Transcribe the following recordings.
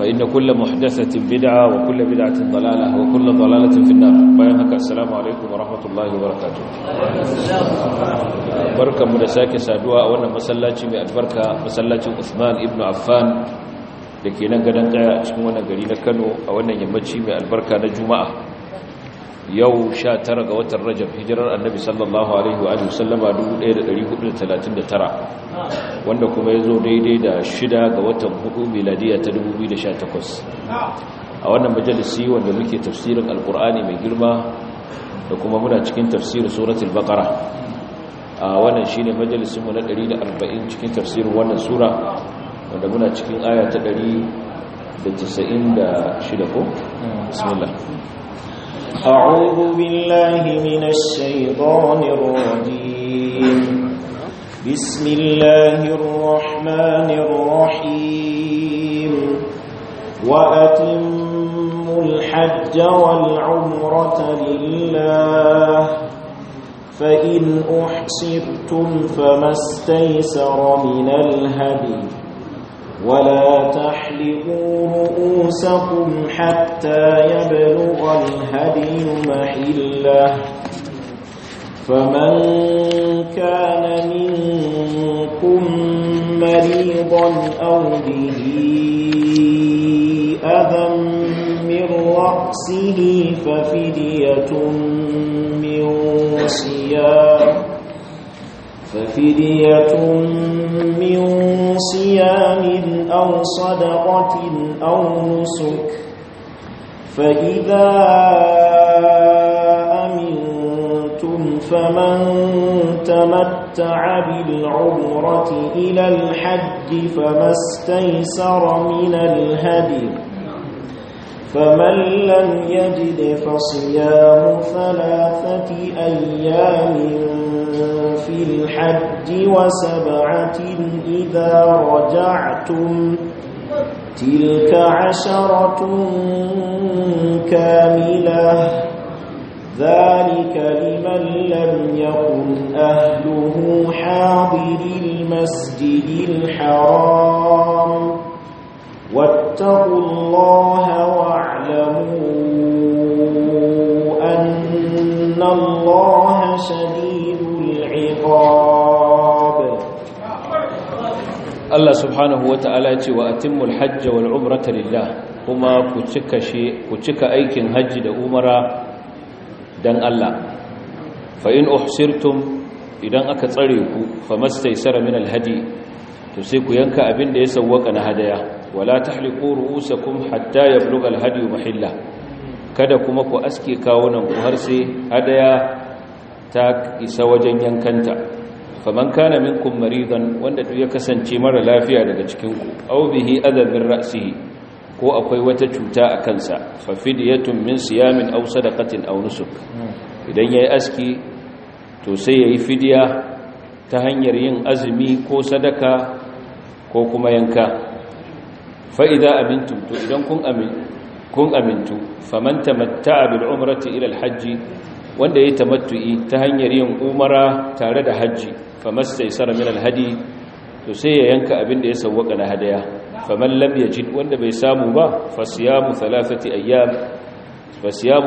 فإن كل محدثة بدعة وكل بدعة ضلالة وكل ضلالة في النار بيانك السلام عليكم ورحمة الله وبركاته بركة مدساك سادوا وانا مسلاتي من البركة مسلاتي عثمان ابن عفان لكي ننقل ننقل ننقل ننقل ننقل ننقل ننقل ننقل ننقل yau 19 ga watan rajab hijirar annabi sallallahu alaihi wa sallama 1439 wanda kuma ya zo daidai da shida ga watan hudu miladiya ta 2018 a wannan majalisi wanda muke tafsirin alkur'ani mai girma da kuma muna cikin tafsirin suratul baqara a wannan shi ne majalisinmu na 140 cikin tafsirin wannan sura wanda muna cikin aya ta 196 ko bismillah أعوذ بالله من الشيطان الرجيم بسم الله الرحمن الرحيم وأتموا الحج والعمرة لله فإن أحصرتم فما استيسر من الهدي ولا وتحلقوا رؤوسكم حتى يبلغ الهدي محله فمن كان منكم مريضا أو به أذى من رأسه ففدية من صيام ففدية من صيام أو صدقة أو نسك فإذا أمنتم فمن تمتع بالعمرة إلى الحج فما استيسر من الهدي فمن لم يجد فصيام ثلاثة أيام في الحج وسبعة إذا رجعتم تلك عشرة كاملة ذلك لمن لم يكن أهله حاضر المسجد الحرام واتقوا الله واعلموا أن الله شديد العقاب الله سبحانه وتعالى وأتم الحج والعمرة لله كما كتك أيك هج لأمرا دان الله فإن أحسرتم إذا أكتريكم فما استيسر من الهدي to sai ku yanka abin da ya sawwaka na hadaya wala tahliqu ru'usakum hatta yablugha alhadyu hadyu mahilla kada kuma ku aske kawunan ku har sai hadaya ta isa wajen yankanta faman kana minkum maridan wanda duk ya kasance mara lafiya daga cikin ku aw bihi adabir ra'sihi ko akwai wata cuta a kansa fa fidyatun min siyamin aw sadaqatin aw nusuk idan yayi aski to sai yayi fidiya ta hanyar yin azumi ko sadaka ko kuma yanka fa'ida amintu to idan kun amintu faman tamatta'a bil ilal hajji alhajji wanda ya tamattu'i ta hanyar yin umara tare da hajji famastaisara min alhadi to sai ya yanka abin da ya sawwaka na hadaya faman lamya yajid wanda bai samu ba fasiyamu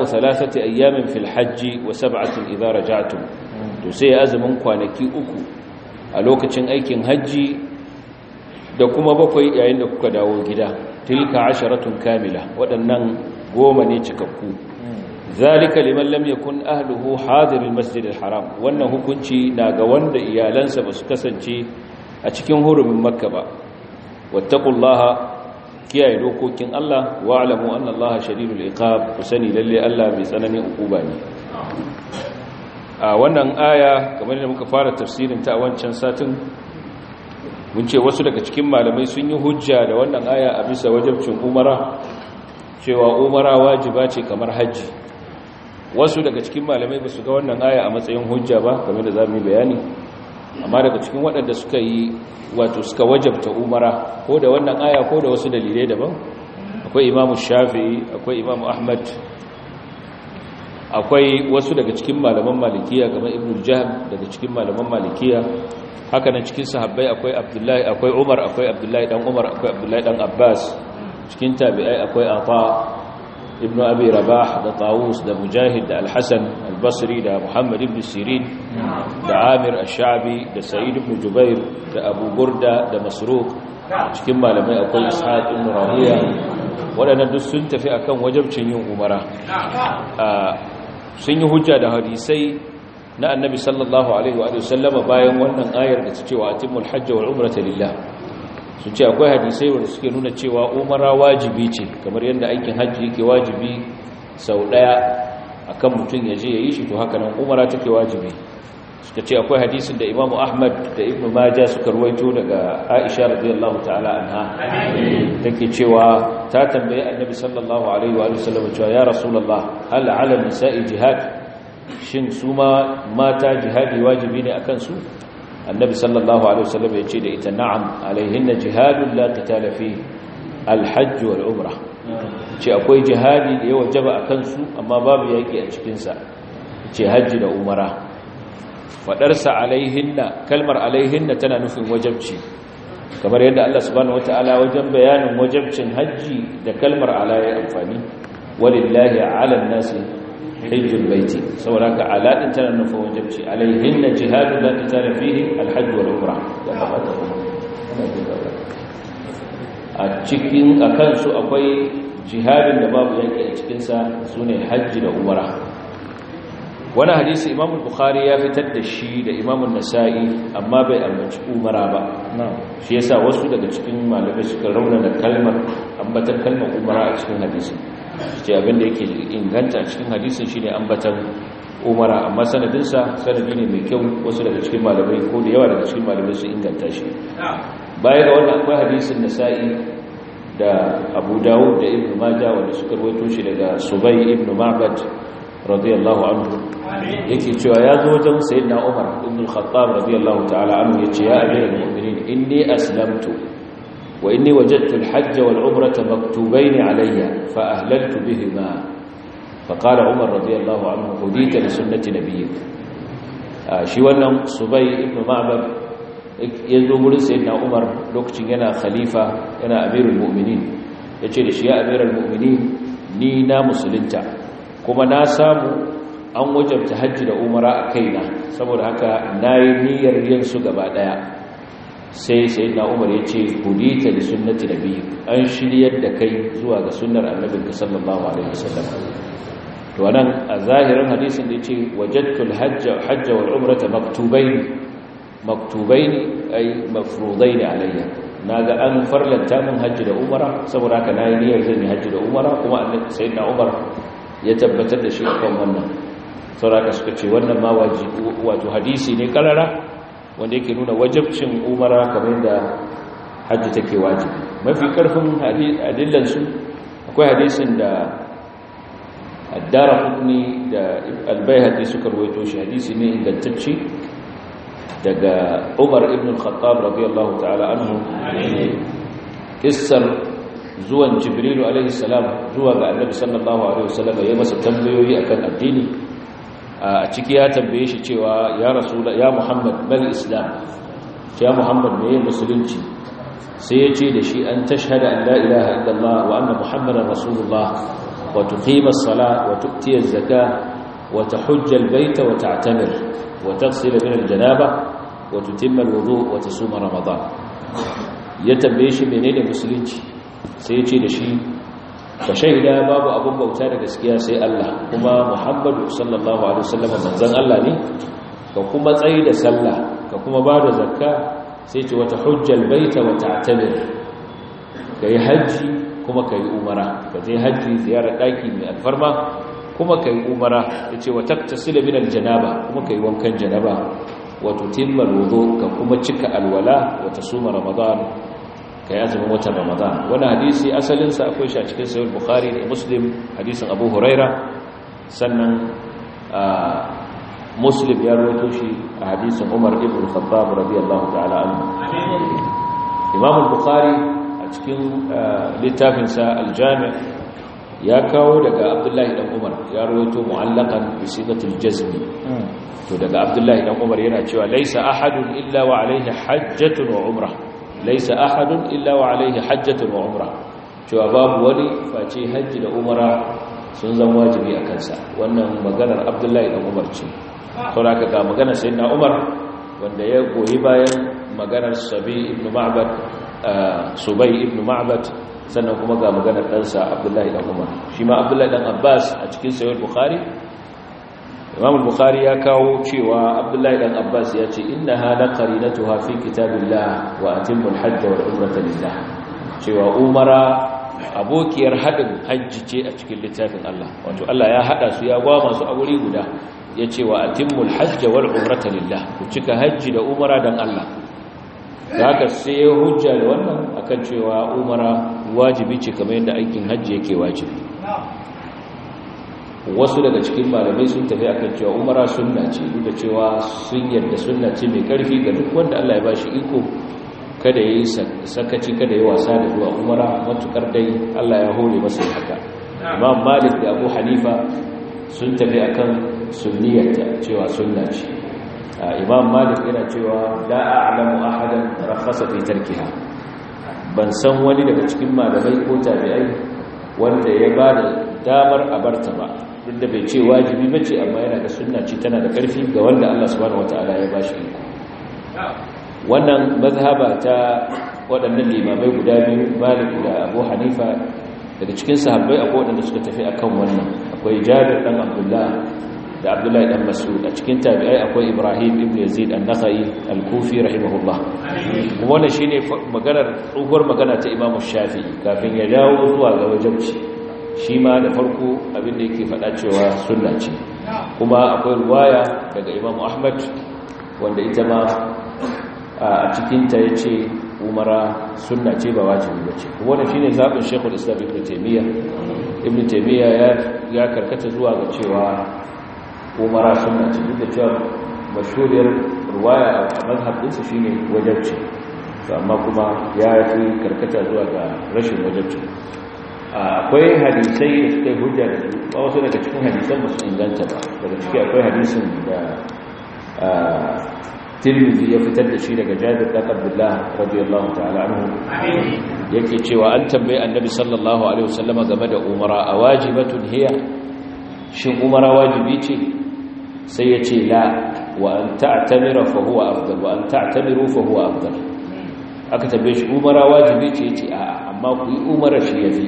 thalathati ayyamin fil hajji wa sab'atin idara raja'tum to sai ya azumin kwanaki uku a lokacin aikin hajji da kuma bakwai yayin da kuka dawo gida tilka asharatun kamila waɗannan goma ne cikakku zalika liman lam yakun ahluhu hadirin masjidil haram wannan hukunci na ga wanda iyalansa ba su kasance a cikin hurumin makka ba wattaqullaha kiyaye dokokin Allah wa alamu anna Allah shadidul iqab ku sani lalle Allah mai tsananin ukuba ne a wannan aya kamar da muka fara tafsirin ta a wancan satin mun ce wasu daga cikin malamai sun yi hujja da wannan aya a bisa wajabcin umara cewa umara wajiba ce kamar hajji wasu daga cikin malamai ba su ga wannan aya a matsayin hujja ba game da za yi bayani amma daga cikin waɗanda suka yi wato suka wajabta umara ko da wannan aya ko da wasu dalilai daban akwai imamu shafi'i akwai imamu ahmad akwai wasu daga cikin malaman malikiya kamar ibn jahm daga cikin malaman malikiya haka nan cikin sahabbai akwai abdullahi akwai umar akwai abdullahi dan umar akwai abdullahi dan abbas cikin tabi'ai akwai afa ibn abi rabah da tawus da mujahid da alhasan albasri da muhammad ibn sirin da amir ash-shabi da sa'id ibn jubair da abu gurda da masruq cikin malamai akwai ishaq ibn rahiya waɗannan duk sun tafi akan wajabcin yin umara ah, sun yi hujja da hadisai na annabi sallallahu alaihi wa sallama bayan wannan ayar da ta cewa atimul hajji wal umrata lillah su ce akwai hadisai wanda suke nuna cewa umara wajibi ce kamar yadda aikin hajji yake wajibi sau daya akan mutum ya je ya yi shi to haka nan umara take wajibi suka ce akwai hadisin da imamu ahmad da ibnu majah suka ruwaito daga aisha radiyallahu ta'ala anha take cewa ta tambayi annabi sallallahu alaihi wa sallam cewa ya rasulullah hal ala nisa'i jihad shin su ma mata jihadi wajibi ne akan su annabi sallallahu alaihi wa sallam ya ce da ita na'am alaihinna jihadun la qitala fihi alhajj wal umrah ce akwai jihadi da ya wajaba akan su amma babu yaki a cikin sa ce hajji da umara faɗarsa alaihinna kalmar alaihinna tana nufin wajabci kamar yadda Allah subhanahu wataala wajen bayanin wajabcin hajji da kalmar ala ya amfani walillahi ala nasi hajjul baiti saboda ka ala din tana nufin wajabci alaihinna jihadu la qitala fihi al wal umrah a cikin akan su akwai jihadin da babu yake a cikin sa sune hajji da umra wani hadisi imamun bukhari ya fitar da shi da imam nasa'i amma bai ambaci umara ba shi yasa wasu daga cikin malamai suka rauna da kalmar ambatan kalmar umara a cikin hadisin shi abinda yake inganta a cikin hadisin shine ambatan umara amma sanadinsa sanadi ne mai kyau wasu daga cikin malamai ko da yawa daga cikin malamai sun inganta shi baya ga wannan akwai hadisin nasa'i da abu dawud da ibnu majah wanda suka rawaito shi daga subay ibnu ma'bad radiyallahu anhu yake cewa ya zo wajen sayyidina Umar ibn al-Khattab radiyallahu ta'ala anhu yace ya amiral mu'minin inni aslamtu wa inni wajadtu al-hajj wal umrata maktubayn alayya fa ahlaltu bihima fa qala Umar radiyallahu anhu hudita li sunnati nabiyyik ah, shi wannan Subay ibn Ma'bad ya zo wurin sayyidina Umar lokacin yana khalifa yana amirul mu'minin yace da shi ya amirul mu'minin ni na musulunta kuma na samu an wajabta hajji da umara a kaina saboda haka na yi niyyar yinsu gaba ɗaya sai sai na umar ya ce hudita da sunnati da biyu an shiryar da kai zuwa ga sunnar annabin sallallahu alaihi wasallam to nan a zahirin hadisin da yace wajadtul hajja hajja wal umrata maktubaini maktubaini ay mafrudain alayya naga an farlanta min hajji da umara saboda haka nayi niyyar zan yi hajji da umara kuma annabi sayyidina umar ya tabbatar da shi kan wannan sauraka suka ce wannan ma wato hadisi ne karara wanda yake nuna wajabcin umara kamar da hajji take wajibi mafi karfin adillansu akwai hadisin da addara hukuni da hadisi suka ruwaito shi hadisi ne ingantacce daga umar ibn al-khattab radiyallahu ta'ala anhu kissar zuwan jibrilu alaihi salam zuwa ga annabi sallallahu alaihi wasallam ya masa tambayoyi akan addini a ciki ya tambaye shi cewa ya rasul ya muhammad mal islam ya muhammad me musulunci sai ya ce da shi an tashhada an la ilaha illallah wa anna muhammadar rasulullah wa tuqima as-salat wa tu'ti az-zakah wa tahujja al-bayta wa ta'tamir wa taghsila min al-janaba wa tutimma al-wudu' wa tasuma ramadan ya tambaye shi menene musulunci sai ce da shi ka shaida babu abin bauta da gaskiya sai Allah kuma Muhammadu sallallahu alaihi wasallam manzon Allah ne ka kuma tsayi da sallah ka kuma ba da zakka sai ce wata hujjal baita wa ta'tamir kai haji kuma kai umara ka je haji ziyarar daki mai alfarma kuma kai umara yace wa taktasila min aljanaba kuma kai wankan janaba wato timmar alwudu ka kuma cika alwala wa tasuma ramadan ka azumin watan ramadan wani hadisi asalinsa akwai shi a cikin sayar bukhari da muslim hadisin abu huraira sannan muslim ya roto shi a hadisin umar ibn khattab radiyallahu ta'ala anhu imam bukari a cikin littafinsa aljami ya kawo daga abdullahi dan umar ya roto muallakan bi sigatil jazmi hmm. to daga abdullahi dan umar yana cewa laysa ahadun illa wa alayhi hajjatun wa umrah laisa ahadun illa wa alaihi hajjatun wa umra cewa babu wani face hajji da umara sun zama wajibi a kansa wannan maganar abdullahi da umar ce sauraka ga maganar sayyidina umar wanda ya goyi bayan maganar sabi ibn ma'bad ah, subai ibn ma'bad sannan kuma ga maganar ɗansa abdullahi da umar shi ma abdullahi dan abbas a cikin sahih bukhari imam bukhari ya kawo cewa abdullahi dan abbas ya ce inna hada qarinatuha fi kitabillah wa atimmu al-hajj al umrata lillah cewa umara abokiyar hadin hajji ce a cikin littafin Allah wato Allah ya hada su ya gwama masu a wuri guda ya ce wa atimmu al-hajj al umrata lillah ku cika hajji da umara dan Allah haka sai ya hujja da wannan akan cewa umara wajibi ce kamar yadda aikin hajji yake wajibi wasu daga cikin malamai sun tafi akan cewa umara sunna ce duk da cewa sun yarda sunna ce mai karfi ga duk wanda Allah ya shi iko kada yayi sakaci kada yayi wasa da zuwa umara matukar dai Allah ya hore masa haka Imam Malik da Abu Hanifa sun tafi akan suniyarta cewa sunna ce Imam Malik yana cewa la a'lamu ahadan rakhasa fi tarkiha ban san wani daga cikin malamai ko tabi'ai wanda ya ba da damar a abarta ba duk da bai ce wajibi ba ce amma yana da sunna ce tana da ƙarfi ga wanda Allah subhanahu wata'ala ya bashi iko wannan mazhaba ta waɗannan limamai guda biyu Malik da Abu Hanifa daga cikin sahabbai akwai waɗanda suka tafi akan wannan akwai Jabir dan Abdullah da Abdullahi dan Mas'ud a cikin tabi'ai akwai Ibrahim ibn Yazid an al-Kufi rahimahullah wannan shine maganar tsohuwar magana ta Imamu Shafi'i kafin ya dawo zuwa ga wajibci shi ma da farko abinda yake faɗa cewa sunna ce kuma akwai ruwaya daga imam ahmad wanda ita ma a cikinta ya ce umara sunna ce ba wajibi ba ce kuma shi shine zaɓin shekul islam ibn taimiyya ibn taimiyya ya karkata zuwa ga cewa umara sunna ce duk da cewa mashuriyar ruwaya a mazhab ɗinsa shine wajabci amma kuma ya fi karkata zuwa ga rashin wajabci akwai hadisai da suka yi hujja ba wasu daga cikin hadisan ba inganta ba daga ciki akwai hadisin da tirmidhi ya fitar da shi daga jabir da abdullah radiyallahu ta'ala anhu yake cewa an tambaye annabi sallallahu alaihi wasallama game da umara a wajibatun hiya shin umara wajibi ce sai ya ce la wa an ta'tamira fa huwa afdal wa an ta'tamiru fa huwa afdal aka tambaye shi umara wajibi ce ce a'a, amma ku yi umara shi yafi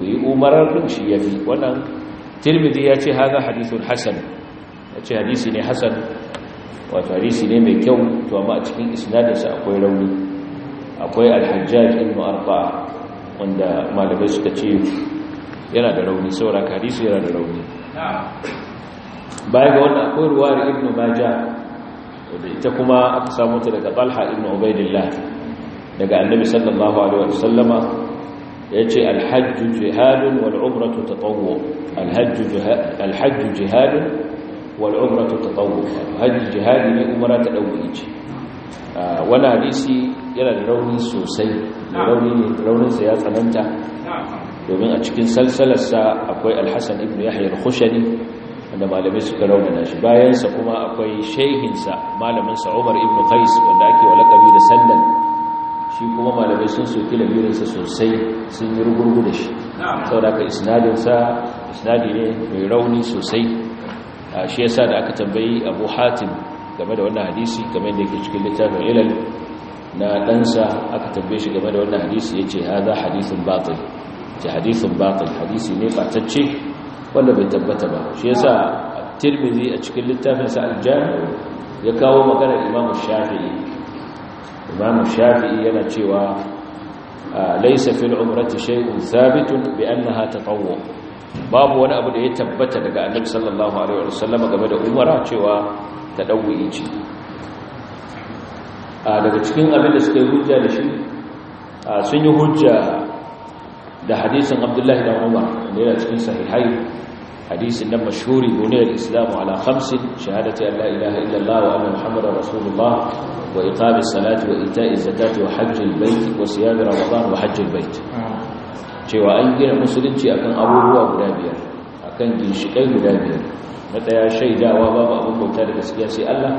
ku yi umarar din shi yafi wannan tirmidhi ya ce hada hadithun Hassan. ya ce hadisi ne Hassan. wato hadisi ne mai kyau to amma a cikin isnadinsa akwai rauni akwai al-hajjaj ibn arba'a wanda malamai suka ce yana da rauni saboda hadisi yana da rauni baya ga wannan akwai ruwar ibn majah Wadda ita kuma aka samu ta daga talha ibn ubaidillah daga annabi sallallahu alaihi wasallama ya ce alhajju jihadun wal'umratu ta tsawo alhajju jihadun wal'umratu ta tsawo alhajji jihadi ne umara ta ɗauki ce wani hadisi yana da rauni sosai rauninsa ya tsananta domin a cikin salsalarsa akwai alhassan ibn yahya hushari da wanda malamai suka raunana shi bayansa kuma akwai shehinsa malaminsa umar ibn qais wanda ake wa lakabi da sandan shi kuma malamai sun soki lamirinsa sosai sun yi rugurgu da shi saboda ka isnadinsa isnadi ne mai rauni sosai shi yasa da aka tambayi abu hatim game da wannan hadisi game da yake cikin littafin ilal na ɗansa aka tambaye shi game da wannan hadisi ya ce haza hadisin batil ce hadisin batil hadisi ne fatacce wanda bai tabbata ba shi yasa tirmidhi a cikin littafinsa aljami ya kawo maganar imamu shafi'i imam shafi'i yana cewa ah, laysa fil umrati shay'un thabitun bi annaha tatawwu babu wani abu da ya tabbata daga annabi sallallahu alaihi wasallam game da umara cewa ta tadawwi ce ah, daga cikin abin da suka yi hujja da shi ah, sun yi hujja da hadisin abdullahi da umar da yana cikin sahihai hadisin nan mashhuri buniyar islamu ala khamsin shahadati an la ilaha illallah wa anna muhammadar rasulullah wa iqamis salati wa wa hajjil bait wa siyam ramadan wa hajjil bait cewa an gina musulunci akan abubuwa guda biyar akan ginshikai guda biyar na daya shaidawa babu abin bauta da gaskiya sai Allah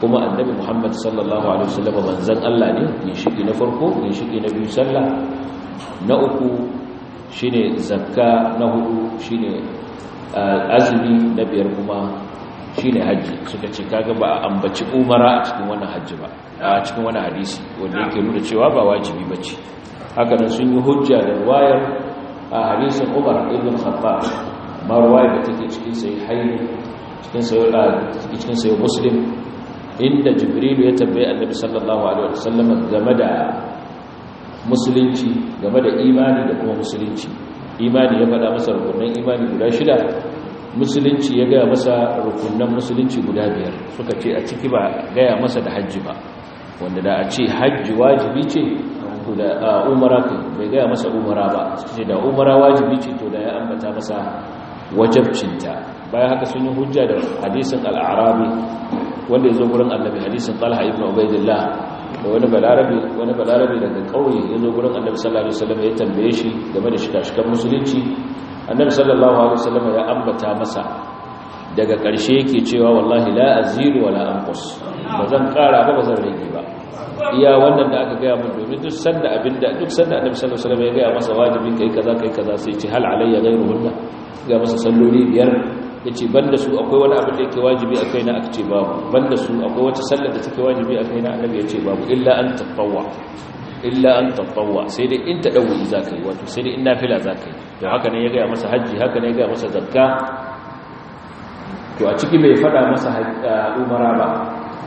kuma annabi Muhammad sallallahu alaihi wasallam manzon Allah ne ginshiki na farko ginshiki na biyu sallah na uku shine zakka na hudu shine azumi na biyar kuma shi ne hajji suka ce kaga ba a ambaci umara a cikin wannan hajji ba a cikin wani hadisi wanda yake nuna cewa ba wajibi ba haka hakanan sun yi hujja da wayar a hadisin Umar ibn khabba amma ruwayar da take cikin sai haini cikin sai cikin sai Muslim inda Jibril ya tambaye Annabi sallallahu alaihi wasallam game da musulunci game da imani da kuma musulunci imani ya faɗa masa rukunan imani guda shida musulunci ya gaya masa rukunan musulunci guda biyar suka ce a ciki ba gaya masa da hajji ba wanda da a ce hajji wajibi ce da umara ka bai gaya masa umara ba su ce da umara wajibi ce to da ya ambata masa wajabcinta bayan haka sun yi hujja da hadisin al'arabi wanda ya zo gurin annabi hadisin talha ibn ubaidillah da wani balarabe wani balarabe daga kauye ya zo gurin annabi sallallahu alaihi wasallam ya tambaye shi game da shikashikan musulunci annabi sallallahu alaihi wasallam ya ambata masa daga ƙarshe yake cewa wallahi la aziru wala anqus ba zan ƙara ba bazan zan rage ba iya wannan da aka gaya min domin duk sanda abinda duk sanda annabi sallallahu alaihi wasallam ya gaya masa wajibi kai kaza kai kaza sai ce hal alayya ghayruhunna ga masa salloli biyar ya ce ban da su akwai wani abin da yake wajibi a kaina aka ce babu ban da su akwai wata sallar da take wajibi a kaina annabi ce babu illa an tatawwa illa an tatawwa sai dai in za ka yi wato sai dai in nafila ka yi to haka ne ya ga masa haji haka ne ya ga masa zakka to a ciki bai fada masa umara ba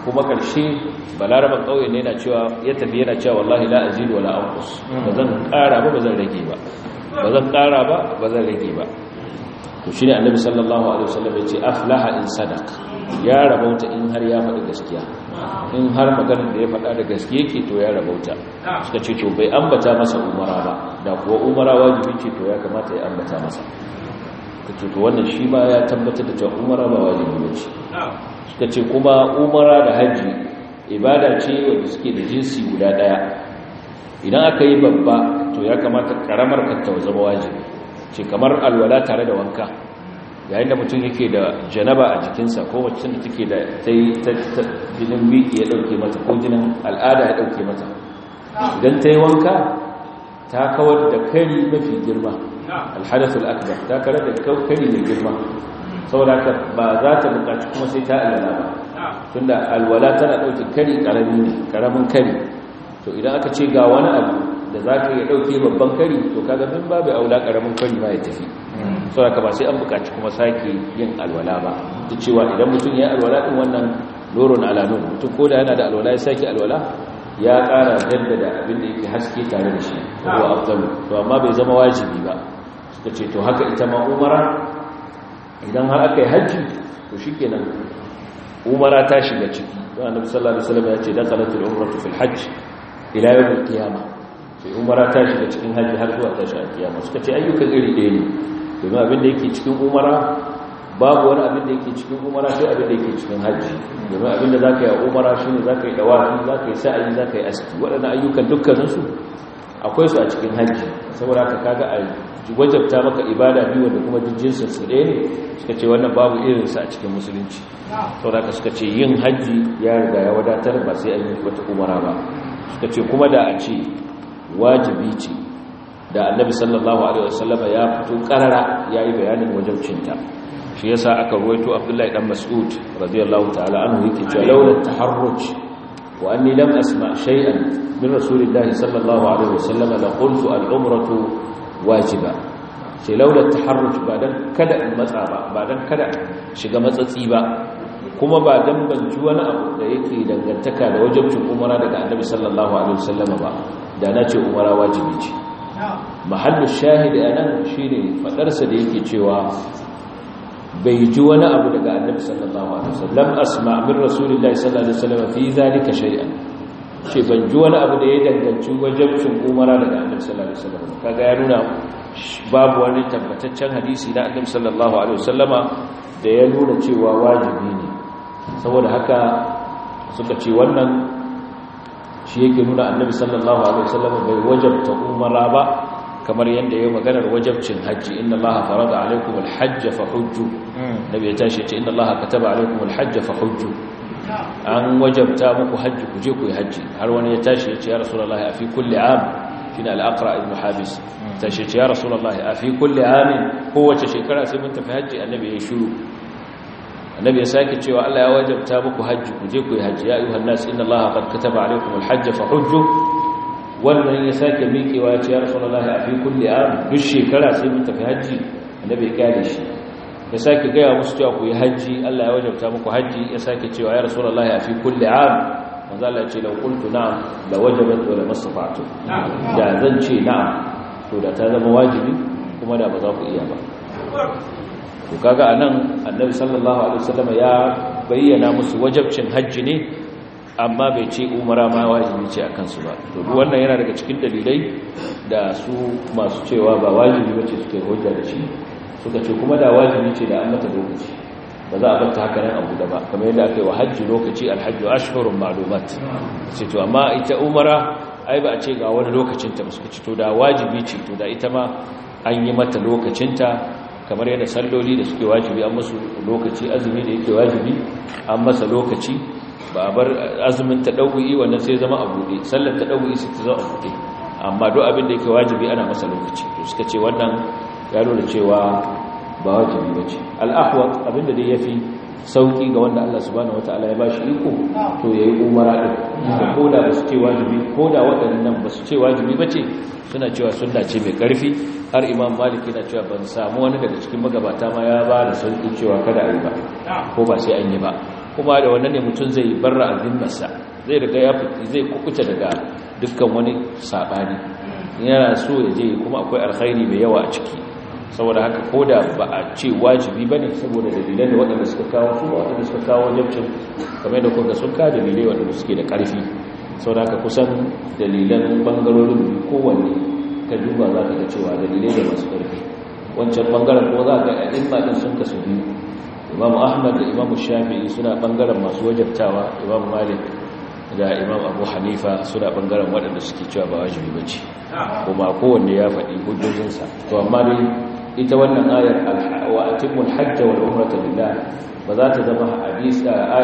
kuma karshe balaraban kauye ne yana cewa ya tafi yana cewa wallahi la azidu wala anqus zan kara ba ba zan rage ba ba zan kara ba ba zan rage ba to shine annabi sallallahu alaihi wasallam ya ce aflaha in sadaka ya rabauta in har ya faɗi gaskiya in har maganar da ya faɗa da gaskiya yake to ya rabauta suka ce to bai ambata masa umara ba da kuwa umara wajibi ce to ya kamata ya ambata masa kace to wannan shi ba ya tabbatar da cewa umara ba wajibi ba ce suka ce kuma umara da haji ibada ce wanda suke da jinsi guda daya idan aka yi babba to ya kamata karamar ka ta zama wajibi ce kamar alwala tare da wanka yayin da mutum yake da janaba a jikinsa ko wacce da take da ta jinin wiki ya dauke mata ko jinin al'ada ya dauke mata idan ta yi wanka ta kawar da kari mafi girma alhadasul akbar ta kawar da kari mai girma saboda ka ba za ta bukaci kuma sai ta alwala ba tun da alwala tana dauke kari karami ne karamin kari to idan aka ce ga wani abu da za ka iya ɗauke babban kari to kaga min babu aula ƙaramin kari ba ya tafi saboda ba sai an bukaci kuma sake yin alwala ba duk cewa idan mutum ya alwala ɗin wannan loron alamun mutum ko da yana da alwala ya sake alwala ya ƙara da abin da yake haske tare da shi ko afdalu to amma bai zama wajibi ba suka ce to haka ita ma umara idan har aka yi hajji to shikenan umara ta shiga ciki to annabi sallallahu alaihi wasallam ya ce da salatul umratu fil hajj ila yawm al-qiyamah sai umara ta shiga cikin haji har zuwa shi alkiyama suka ce ayyukan iri ɗaya ne domin abin da yake cikin umara babu wani abin da yake cikin umara sai abin da yake cikin haji domin abin da za ka yi a umara shi ne za ka yi dawafi ka yi sa'ayi ka yi aski waɗannan ayyukan dukkaninsu akwai su a cikin haji saboda ka kaga a wajabta maka ibada biyu wanda kuma jinsin su ɗaya ne suka ce wannan babu irin sa a cikin musulunci saboda ka suka ce yin haji ya riga ya wadatar ba sai an yi wata umara ba suka ce kuma da a ce wajibi ce da annabi sallallahu alaihi wasallam ya fito karara yayi bayanin wajibcinta shi yasa aka ruwaito abdullahi dan mas'ud radiyallahu ta'ala anhu yake cewa laula taharruj wa anni lam asma shay'an min rasulillahi sallallahu alaihi wasallam la qultu al-umratu wajiba sai laula taharruj ba dan kada in matsa ba ba dan kada shiga matsatsi ba kuma ba dan ban ji wani abu da yake dangantaka da wajibcin umara daga annabi sallallahu alaihi wasallam ba da na ce umara wajibi ce mahallin shahidi a nan shi ne faɗarsa da yake cewa bai ji wani abu daga annabi sallallahu alaihi wasallam asma min rasulillahi sallallahu alaihi wasallam fi zalika shay'an ce ban ji wani abu da ya danganci wajabcin umara daga annabi sallallahu alaihi wasallam kaga ya nuna babu wani tabbataccen hadisi na annabi sallallahu alaihi wasallama da ya nuna cewa wajibi ne saboda haka suka ce wannan shi yake nuna annabi sallallahu alaihi wasallam bai wajabta umara ba kamar yadda yayi maganar wajabcin haji inna allaha farada alaikum alhajj fa hujju nabi ya tashi ce inna allaha kataba alaikum alhajj fa hujju an wajabta muku haji ku je ku yi haji har wani ya tashi ya ce ya rasulullahi a fi kulli am shine al-aqra ibn habis tashi ce ya rasulullahi a fi kulli am kowace shekara sai mun tafi haji annabi ya shiru annabi ya sake cewa Allah ya wajabta muku hajji ku je ku yi hajji ya ayyuhan nas inna Allah qad kataba alaykum al fa hujju wannan ya sake mikewa ya ce ya rasulullahi a fi kulli am duk shekara sai mun tafi hajji annabi ya kare shi ya sake gaya musu cewa ku yi hajji Allah ya wajabta muku hajji ya sake cewa ya rasulullahi a fi kulli am manzo Allah ya ce law qultu na'am la wajabat wa la masfa'tu da zan ce na'am to da ta zama wajibi kuma da ba za ku iya ba to kaga anan annabi sallallahu alaihi wasallam ya bayyana musu wajabcin hajji ne amma bai ce umara ma wajibi ce a kansu ba to wannan yana daga cikin dalilai da su masu cewa ba wajibi bace suke hujja da shi suka ce kuma da wajibi ce da an mata lokaci ba za a bar haka nan abu da ba kamar yadda akai wa hajji lokaci alhajju ashhurun ma'lumat ce to amma ita umara ai ba a ce ga wani lokacin ta ba suka ce to da wajibi ce to da ita ma an yi mata lokacin ta kamar yadda salloli da suke wajibi an masu lokaci azumi da yake wajibi an masa lokaci ba a bar azumin ta ɗauki wannan sai zama a sallar ta ɗauki sai ta zama a amma duk abin da yake wajibi ana masa lokaci to suka ce wannan ya nuna cewa ba wajibi ba ce al'ahwat abin da dai ya fi sauki ga wanda Allah subhanahu wataala ya ba bashi iko to yayi umara din ko da basu ce wajibi ko da waɗannan basu ce wajibi ba ce suna cewa sunna ce mai karfi har Imam maliki yana cewa ban samu wani daga cikin magabata ma ya ba da sauki cewa kada a yi ba ko ba sai an yi ba kuma da wannan ne mutum zai barra addinarsa zai riga ya zai kukuta daga dukkan wani sabani yana so ya je kuma akwai alkhairi mai yawa a ciki saboda haka ko da ba a ce wajibi ba ne saboda dalilan da waɗanda suka kawo su waɗanda suka kawo wajabcin kamar da kuka sun ka dalilai waɗanda suke da ƙarfi saboda haka kusan dalilan ɓangarorin kowanne ka duba za ka ga cewa dalilai da masu ƙarfi wancan ɓangaren ko za ka ɗin ɗin sun kasu biyu imam ahmad da imamu shafi'i suna ɓangaren masu wajabtawa imam malik da imam abu hanifa suna bangaren waɗanda suke cewa ba wajibi ba ce kuma kowanne ya faɗi hujjojinsa to amma dai ita wannan ayar wa atimul hajj wal umrata lillah ba za ta zama hadisa a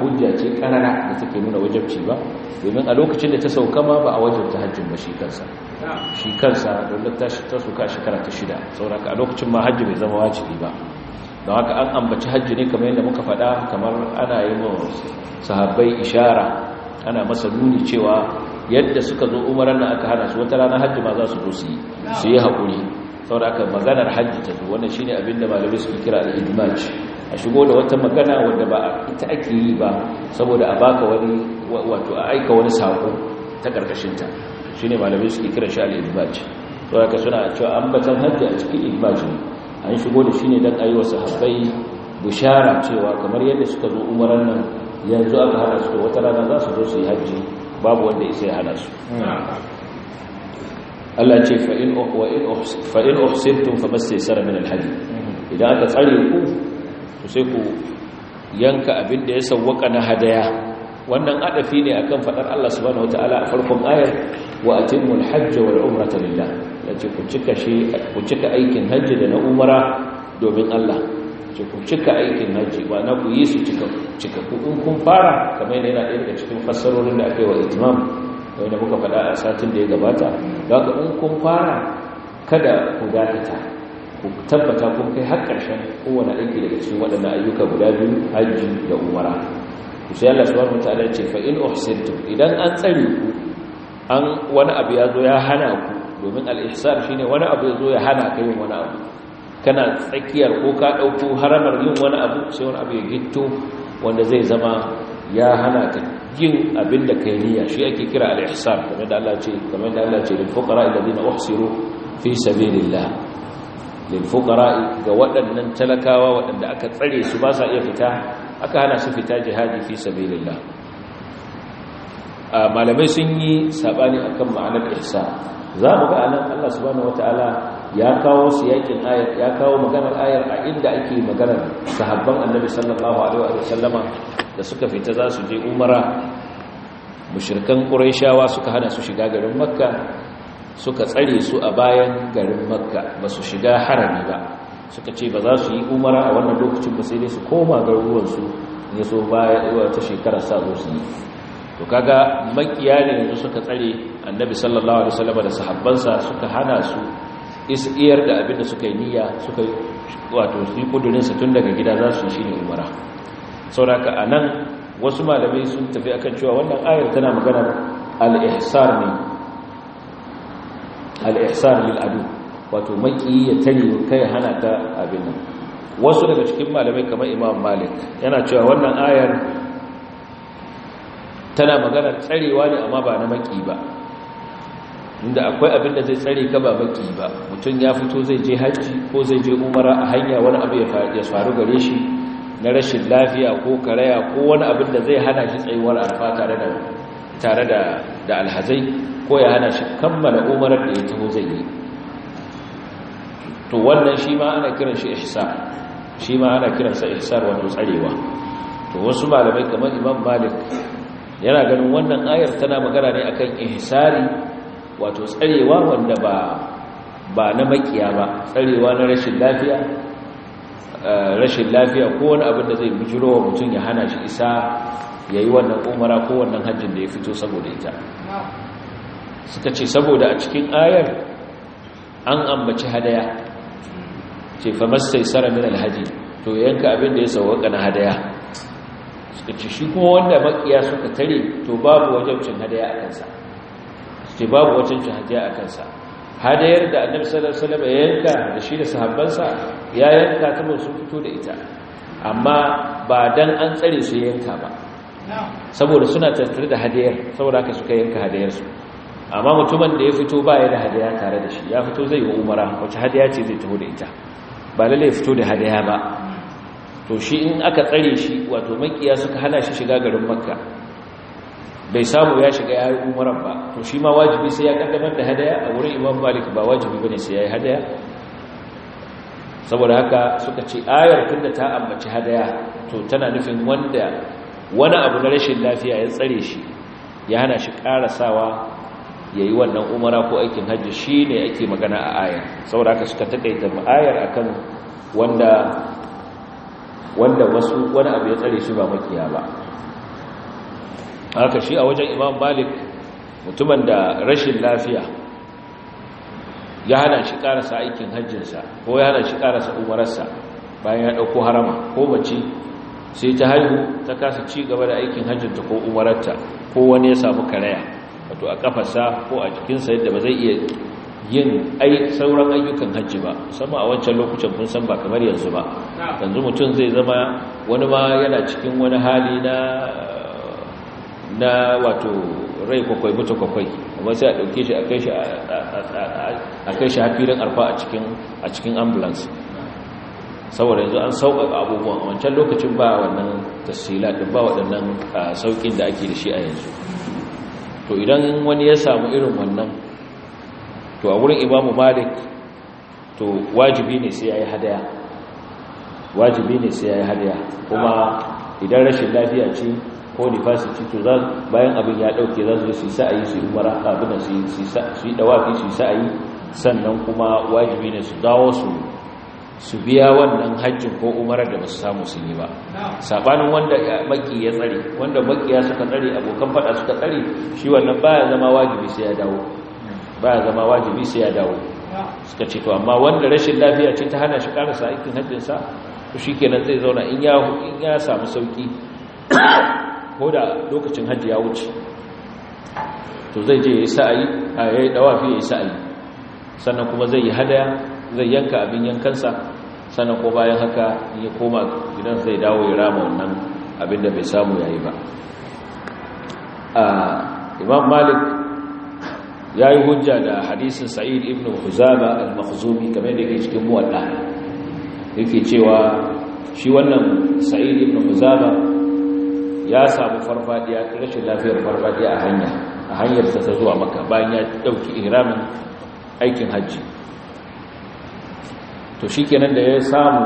hujja ce karara da take nuna wajibci ba domin a lokacin da ta sauka ma ba a wajibta hajjin ba shi kansa shi kansa don ta ta sauka shekara ta shida sauraka a lokacin ma hajji bai zama wajibi ba don haka an ambaci hajji ne kamar yadda muka faɗa kamar ana yi wa sahabbai ishara ana masa nuni cewa yadda suka zo umaran nan aka hana su wata rana hajji ma za su zo su yi su yi haƙuri sauraka maganar hajji ta zuwa wannan shine abin da malamai suka kira al ijmaj a shigo da wata magana wanda ba ita ake yi ba saboda a baka wani wato a aika wani sako ta karkashin ta shine malamai suke kira shi al to sauraka suna cewa an ambatan hajji a cikin ne an shigo da shine dan ayi wa sahabbai bushara cewa kamar yadda suka zo umaran nan yanzu aka hana su wata rana za su zo su yi hajji babu wanda ya sai hana su hmm. Allah ce fa in uh-, uh-, fa in min alhadi idan aka tsare ku to sai ku yanka abin da ya sawwaka na hadaya wannan adafi ne akan fadar Allah subhanahu wataala a farkon ayar wa atimul hajj wal umrata lillah yace ku cika shi ku cika aikin hajji da na umara domin Allah ce ku cika aikin hajji ba na ku yi su cika cika ku in kun fara kamar yana ɗaya daga cikin fassarorin da aka yi wa itimam wai da muka faɗa a satin da ya gabata don ka in kun fara kada ku dakata ku tabbata kun kai har ƙarshen kowane aiki daga cikin waɗannan ayyuka guda biyu hajji da umara ku sai Allah subhanahu wataala ya ce fa in uhsintum idan an tsare ku an wani abu ya zo ya hana ku domin al-ihsan shine wani abu ya zo ya hana ka wani abu kana tsakiyar ko ka ɗauko haramar yin wani abu sai wani abu ya gitto wanda zai zama ya hana ka yin abin da yi niyya shi ake kira al-ihsan game da Allah ce game da Allah ce lil fuqara alladhina uhsiru fi sabilillah lil fuqara ga waɗannan talakawa waɗanda aka tsare su ba sa iya fita aka hana su fita jihadi fi sabilillah malamai sun yi sabani akan ma'anar ihsan za mu ga Allah subhanahu wataala ya kawo siyakin ayar ya kawo maganar ayar a inda ake maganar sahabban annabi sallallahu alaihi wa sallama da suka fita za su je umara mushrikan quraishawa suka hana su shiga garin makka suka tsare su a bayan garin makka ba su shiga harami ba suka ce ba za su yi umara a wannan lokacin ba sai dai su koma garuruwan su ne so baya ta shekara sa zo su yi to kaga makiya ne yanzu suka tsare annabi sallallahu alaihi wasallam da sahabbansa suka hana su isu iyar da abinda suka yi niyya suka yi wato su yi kudurinsa tun daga gida za su shi ne umara sauraka a nan wasu malamai sun tafi akan cewa wannan ayar tana maganar al'ihsar ne al'ihsar lil'adu wato maki ya tare kai hana ta abin wasu daga cikin malamai kamar imam malik yana cewa wannan ayar tana maganar tsarewa ne amma ba na maki ba inda akwai abin da zai tsare ka ba baki ba mutum ya fito zai je hajji ko zai je umara a hanya wani abu ya faru gare shi na rashin lafiya ko karaya ko wani abin da zai hana shi tsayuwar arfa tare da tare da da alhazai ko ya hana shi kammala umarar da ya taho zai yi to wannan shi ma ana kiran shi ihsa shi ma ana kiran sa ihsar wato tsarewa to wasu malamai kamar Imam Malik yana ganin wannan ayar tana magana ne akan ihsari wato tsarewa wanda ba ba na makiya ba tsarewa na rashin lafiya eh, rashin lafiya ko wani abin da zai bujiro wa mutum ya hana shi isa ya yi wannan umara ko wannan hajjin da ya fito saboda ita suka ce saboda a cikin ayar an ambaci hadaya ce fa masai tsara min alhaji to yanka abin da ya sauwaka na hadaya suka ce shi kuma wanda makiya suka tare to babu wajen cin hadaya a kansa ce babu wajen hadiya a kansa hadayar da annabi sallallahu alaihi ya yanka da shi da sahabbansa ya yanka ta sun fito da ita amma ba dan an tsare su yanka ba saboda suna tattare da hadayar saboda haka suka yanka hadayar su amma mutumin da ya fito ba ya da hadaya tare da shi ya fito zai yi umara wacce hadaya ce zai taho da ita ba lalle ya fito da hadaya ba to shi in aka tsare shi wato makiya suka hana shi shiga garin makka bai samu ya shiga ya yi umaran ba to shi ma wajibi sai ya kaddamar da hadaya a wurin imam malik ba wajibi bane sai ya yi hadaya saboda haka suka ce ayar tunda ta ambaci hadaya to tana nufin wanda wani abu na rashin lafiya ya tsare shi ya hana shi karasawa ya yi wannan umara ko aikin hajji shi ne ake magana a ayar saboda haka suka taƙaita ayar a kan wanda wanda wasu wani abu ya tsare shi ba makiya ba haka shi a wajen imam malik mutumin da rashin lafiya ya hana shi karasa aikin hajjinsa ko ya hana shi karasa umararsa bayan ya ɗauko harama ko mace sai ta haihu ta kasa ci gaba da aikin hajjinta ko umararta ko wani ya samu karaya wato a kafarsa ko a jikinsa yadda ba zai iya yin sauran ayyukan hajji ba musamman a wancan lokacin kun san ba kamar yanzu ba yanzu mutum zai zama wani ma yana cikin wani hali na na wato rai kwakwai mutu kwakwai amma sai a ɗauke shi a kai shi hafirin arfa a cikin ambulance saboda yanzu an sauƙaƙa abubuwan a wancan lokacin ba wannan tasila da ba waɗannan sauƙin da ake da shi a yanzu to idan wani ya samu irin wannan to a wurin imamu malik to wajibi ne sai ya yi hadaya wajibi ne sai ya yi hadaya kuma idan rashin lafiya ce ko nifasi to za bayan abin ya dauke za su yi sa'ayi su umara abin da su yi dawafi su yi sa'ayi sannan kuma wajibi ne su dawo su su biya wannan hajjin ko umarar da ba su samu su yi ba sabanin wanda maki ya tsare wanda ya suka tsare abokan fada suka tsare shi wannan baya zama wajibi sai ya dawo baya zama wajibi sai ya dawo suka ce to amma wanda rashin lafiya ce ta hana shi karasa aikin hajjinsa shi kenan zai zauna in ya in ya samu sauki ko da lokacin hajji ya wuce to zai je ya yi sa'ayi a ya yi dawafi ya yi sa'ayi sannan kuma zai yi hadaya zai yanka abin yankansa sannan ko bayan haka ya koma gidan zai dawo ya rama wannan abin da bai samu yayi yi ba imam malik ya yi hujja da hadisin sa'id ibn huzama al-makhzumi kamar da yake cikin muwadda yake cewa shi wannan sa'id ibn huzama ya samu farfadiya rashin lafiyar farfadiya a hanya a hanyarsa ta zuwa maka bayan ya ɗauki ihramin aikin hajji to shi kenan da ya samu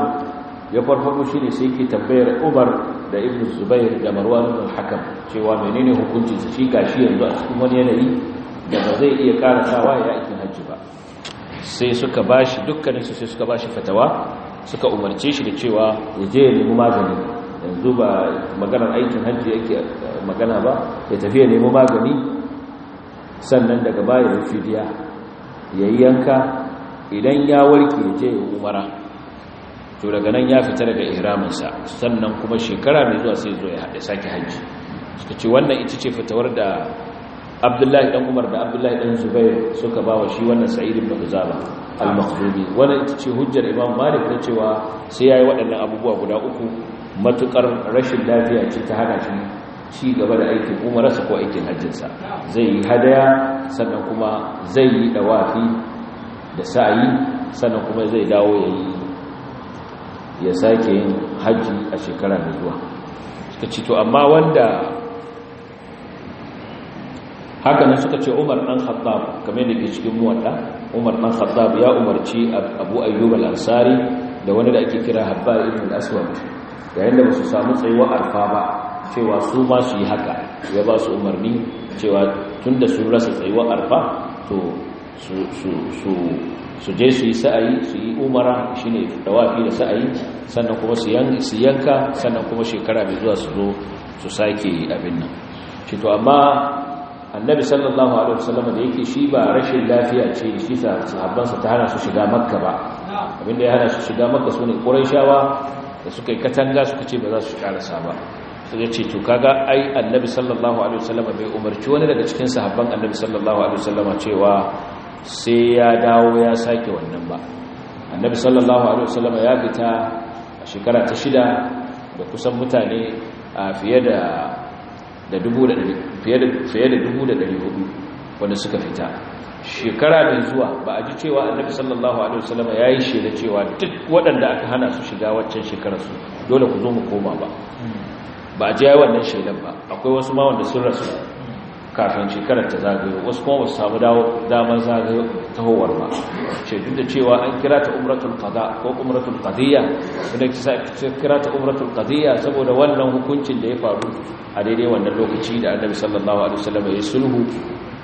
ya farfaɗo shi ne sai ke tambayar umar da ibn zubair da marwan bin hakam cewa menene hukuncin su shi gashi yanzu a cikin wani yanayi da ba zai iya sawa ya aikin hajji ba sai suka bashi dukkaninsu sai suka bashi fatawa suka umarce shi da cewa ya je ya nemi magani yanzu ba maganar aikin hajji yake magana ba ya tafiya nemo magani sannan daga baya ya fidiya ya yi yanka idan ya warke je ya umara to daga nan ya fita daga ihraminsa sannan kuma shekara mai zuwa sai zo ya haɗe sake hajji suka ce wannan ita ce fitawar da abdullahi dan umar da abdullahi dan zubair suka ba wa shi wannan sa'idin ibn ba al-makhzumi wannan ita ce hujjar imam malik ta cewa sai ya yi waɗannan abubuwa guda uku matukar rashin lafiya ce ta hana shi ci gaba da aikin umararsa ko aikin hajjinsa zai yi hadaya sannan kuma zai yi dawafi da sa'ayi sannan kuma zai dawo ya yi ya sake yin hajji a shekara mai zuwa suka to amma wanda haka nan suka ce umar ɗan khattab kamar da ke cikin muwadda umar ɗan khattab ya umarci abu ayyub al-ansari da wani da ake kira habba ibn al-aswad yayin da ba su samu tsayuwa arfa ba cewa su ma su yi haka ya ba su umarni cewa tun da sun rasa tsayuwa arfa to su je su yi sa'ayi su yi umara shi ne dawafi da sa'ayi sannan kuma su yanka sannan kuma shekara mai zuwa su zo su sake abin nan shi to amma annabi sallallahu alaihi wasallam da yake shi ba rashin lafiya ce shi sahabbansa ta hana su shiga makka ba abinda ya hana su shiga makka su ne shawa. da suka yi katanga suka ce ba za su karasa ba suka ce to kaga ai annabi sallallahu alaihi wasallam bai umarci wani daga cikin sahabban annabi sallallahu alaihi wasallam cewa sai ya dawo ya sake wannan ba annabi sallallahu alaihi wasallam ya fita a shekara ta shida da kusan mutane a fiye da da dubu da fiye da dubu da dari hudu wanda suka fita shekara mai zuwa ba a ji cewa annabi sallallahu alaihi wasallam ya yi shaida cewa duk waɗanda aka hana su shiga waccan shekarar su dole ku zo mu koma ba ba a ji ya yi wannan shaidan ba akwai wasu ma wanda sun rasu kafin shekarar ta zagayo wasu kuma wasu samu damar zagayo tahowar ba ce duk da cewa an kira ta umratul qada ko umratul qadiyya wanda ke kira ta umratul qadiyya saboda wannan hukuncin da ya faru a daidai wannan lokaci da annabi sallallahu alaihi wasallam ya sulhu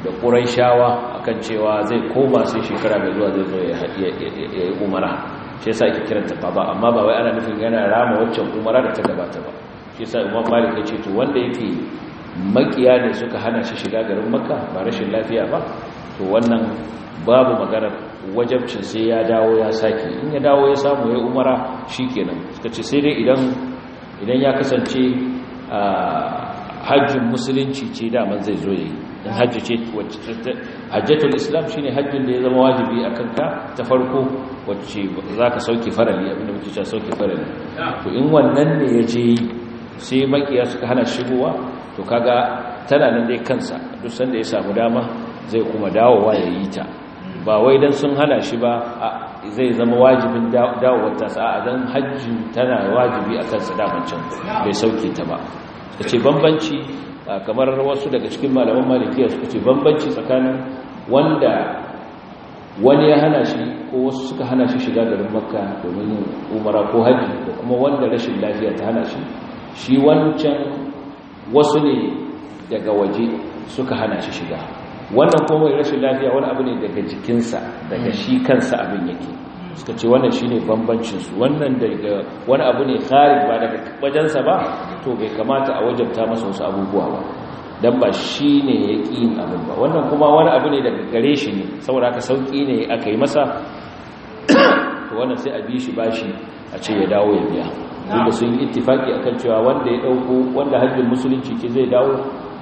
da shawa a kan cewa zai koma sai shekara mai zuwa zai zo ya yi umara shi sa ake kiranta baba amma ba wai ana nufin yana rama waccan umara da ta gabata ba shi sa Imam Malik ya ce to wanda yake makiya ne suka hana shi shiga garin Makka ba rashin lafiya ba to wannan babu maganar wajabcin sai ya dawo ya sake in ya dawo ya samu ya umara shi kenan suka ce sai dai idan ya kasance a ah, hajjin musulunci ce daman zai zo yayi dan hajji ce wacce hajjatul islam shine hajjin da ya zama wajibi a kanka ta farko wacce zaka sauke farali abinda muke cewa sauke farali to in wannan ne ya je sai makiya suka hana shigowa to kaga tana nan dai kansa duk sanda ya samu dama zai kuma dawowa ya yi ta ba wai dan sun hana shi ba zai zama wajibin dawowar ta sa'a dan hajji tana wajibi a kansa can bai sauke ta ba ta bambanci kamar wasu daga cikin malaman malikiya suka ce bambanci tsakanin wanda wani ya hana shi ko wasu suka hana shi shiga garin makka domin umara ko haji da kuma wanda rashin lafiya ta hana shi shi wancan wasu ne daga waje suka hana shi shiga wannan kuma rashin lafiya wani abu ne daga jikinsa daga shi kansa abin yake suka ce wannan shine bambancin su wannan daga wani abu ne kharij ba daga wajensa ba to bai kamata a wajabta masa wasu abubuwa ba dan ba shine yaƙin abin ba wannan kuma wani abu ne daga gare shi ne saboda haka sauki ne aka yi masa to wannan sai a bi shi bashi a ce ya dawo ya biya duk sun yi ittifaki akan cewa wanda ya dauko wanda hajjin musulunci ke zai dawo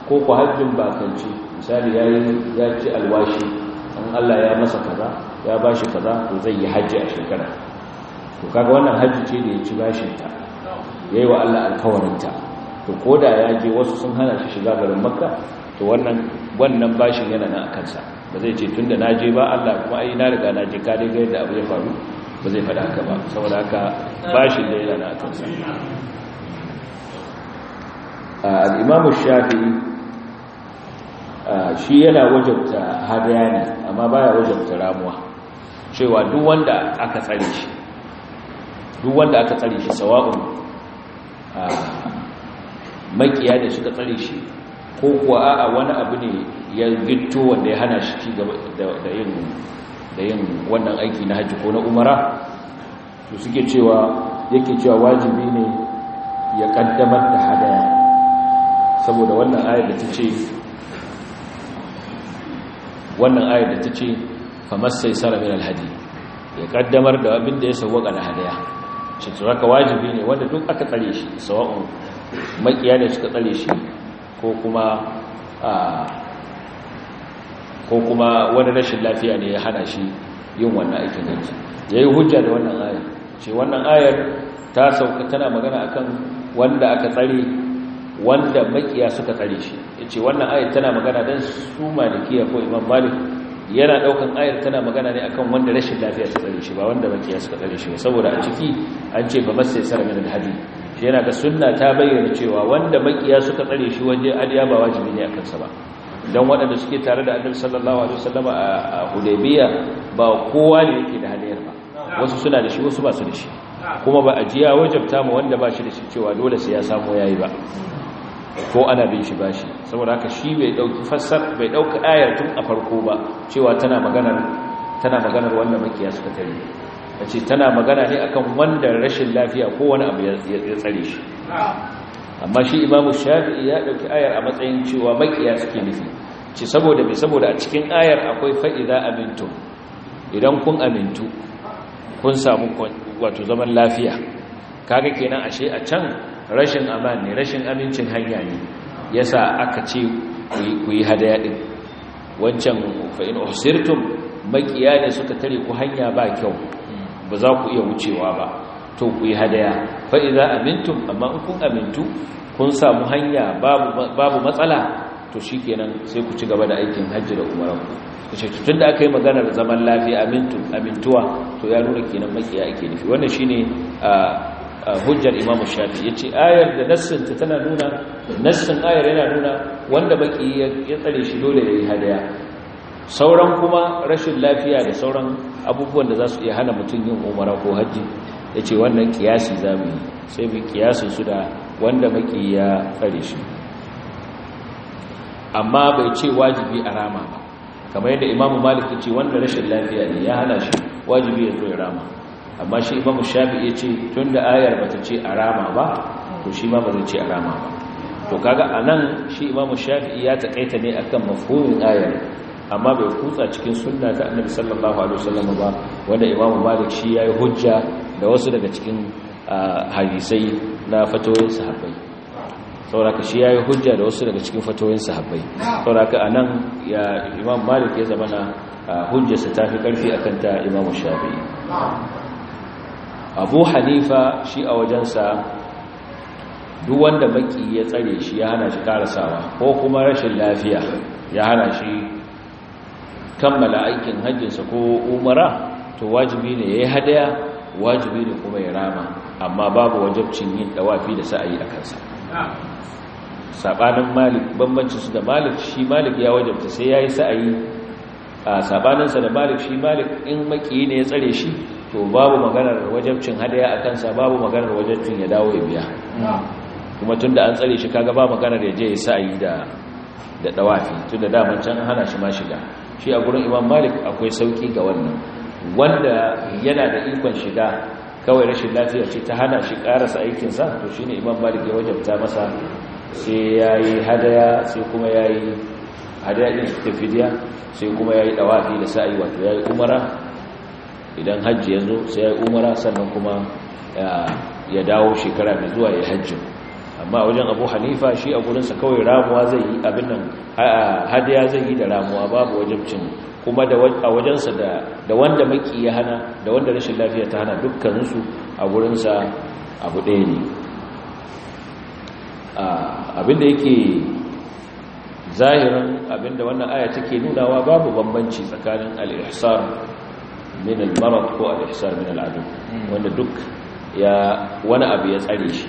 ko ku hajjin bakanci misali yayi ya ci alwashi an Allah ya masa kaza ya ba shi kaza to zai yi hajji a shekara to kaga wannan hajji ce da ya ci bashinta ya yi wa Allah alkawarinta to ko da ya je wasu sun hana shi shiga garin makka to wannan wannan bashin yana nan a kansa ba zai ce tunda na je ba Allah kuma ai na riga na je ka dai ga yadda abu ya faru ba zai faɗa haka ba saboda haka bashin da yana nan a kansa al imam shafi'i shi yana wajabta hadaya amma baya wajabta ramuwa cewa duk wanda aka tsare shi duk wanda aka tsare shi sawa'un makiya ne suka tsare shi ko kuwa a'a wani abu ne ya gitto wanda ya hana shi da yin da yin wannan aiki na hajji ko na umara to suke cewa yake cewa wajibi ne ya kaddamar da hadaya saboda wannan ayar da ta ce wannan ayar da ta ce famassai sara min alhadi ya kaddamar da abin da ya sauwaka na hadaya shi ka wajibi ne wanda duk aka tsare shi sawa'un makiya ne suka tsare shi ko kuma wani rashin lafiya ne ya hana shi yin wannan aikin hajji ya yi hujja da wannan ayar ce wannan ayar ta sauka tana magana akan wanda aka tsare wanda makiya suka tsare shi ya ce wannan ayar tana magana don su malikiya ko imam malik yana daukan ayar tana magana ne akan wanda rashin lafiya ta tsare shi ba wanda makiya suka tsare shi ba saboda a ciki an ce fa masai sar min alhadi shi yana ga sunna ta bayyana cewa wanda makiya suka tsare shi waje adiya ba wajibi ne akan sa ba dan waɗanda suke tare da annabi sallallahu alaihi wasallama a Hudaybiya ba kowa ne yake da hadiyar ba wasu suna da shi wasu ba su da shi kuma ba ajiya wajabta mu wanda ba shi da shi cewa dole sai ya samu yayi ba ko ana bin shi bashi saboda haka shi bai dauki fassar bai dauka ayar tun a farko ba cewa tana maganar tana maganar wanda makiya suka tare tana magana ne akan wanda rashin lafiya ko wani abu ya tsare shi amma shi imamu shafi'i ya dauki ayar a matsayin cewa makiya suke nufi ce saboda me saboda a cikin ayar akwai fa'iza amintum idan kun amintu kun samu wato zaman lafiya kaga kenan ashe a can rashin aman ne rashin amincin hanya ne yasa aka ce ku yi hadaya ɗin. wancan fain in makiya ne suka tare ku hanya ba kyau ba za ku iya wucewa ba to ku yi hadaya fa'iza idza amintum amma kun amintu kun samu hanya babu matsala to shikenan sai ku ci gaba da aikin hajji da umran ku da aka yi maganar zaman lafiya amintum amintuwa to ya nuna kenan makiya ake nufi wannan shine ah, hujjar imamu shafi ya ce ayar da ta tana nuna nassin ayar yana nuna wanda baki ya tsare shi dole ya yi hadaya sauran kuma rashin lafiya da sauran abubuwan da za su iya hana mutum yin umara ko hajji ya ce wannan kiyasi za mu yi sai mu kiyasin su da wanda baki ya tsare shi amma bai ce wajibi a rama ba kamar yadda imamu malik ya ce wanda rashin lafiya ne ya hana shi wajibi ya zo ya rama amma shi imamu shafi ya ce tun da ayar ba ta ce a rama ba to shi ma ba zai ce a rama ba to kaga a nan shi imamu shafi ya taƙaita ne akan mafhumin ayar amma bai kutsa cikin sunna ta annabi sallallahu alaihi wasallam ba wanda imamu malik shi yayi hujja da wasu daga cikin hadisai na fatoyin sahabbai sauraka shi yayi hujja da wasu daga cikin fatoyin sahabbai sauraka a nan ya imamu malik ya zama na hujjarsa ta fi karfi akan ta imamu shafi'i abu hanifa shi a wajensa duk wanda baki ya tsare shi ya hana shi karasawa ko kuma rashin lafiya ya hana shi kammala aikin hajjinsa ko umara to wajibi ne ya yi hadaya wajibi ne kuma ya rama amma babu wajabcin yin dawafi da sa'ayi a kansa sabanin malik bambancin su da malik shi malik ya wajabta sai ya yayi sa'ayi a sabaninsa da malik shi malik in maki ne ya tsare shi to babu maganar wajabcin hadaya a kansa babu maganar wajabcin ya dawo ya biya kuma tun da an tsare shi kaga ba maganar ya je ya sa da da dawafi tun da daman can hana shi ma shiga shi a gurin imam malik akwai sauki ga wannan wanda yana da ikon shiga kawai rashin lafiyar ce ta hana shi karasa aikinsa to shine imam malik ya wajabta masa sai yayi hadaya sai kuma yayi hada su ta sai kuma ya yi dawafi da sa'i wato ya yi umara idan hajji ya zo sai ya yi umara sannan kuma ya dawo shekara mai zuwa yayi hajji amma wajen Abu Hanifa shi a gudunsa kawai ramuwa zai yi abin nan hadiya zai yi da ramuwa babu wajen kuma a wajensa da wanda maki ya hana da wanda rashin lafiya ta hana dukkaninsu a gurinsa abu ɗaya ne abinda yake zahirin abinda wannan aya take nunawa babu bambanci tsakanin al-ihsar min al-marad ko al-ihsar min al-adu wanda duk ya wani abu ya tsare shi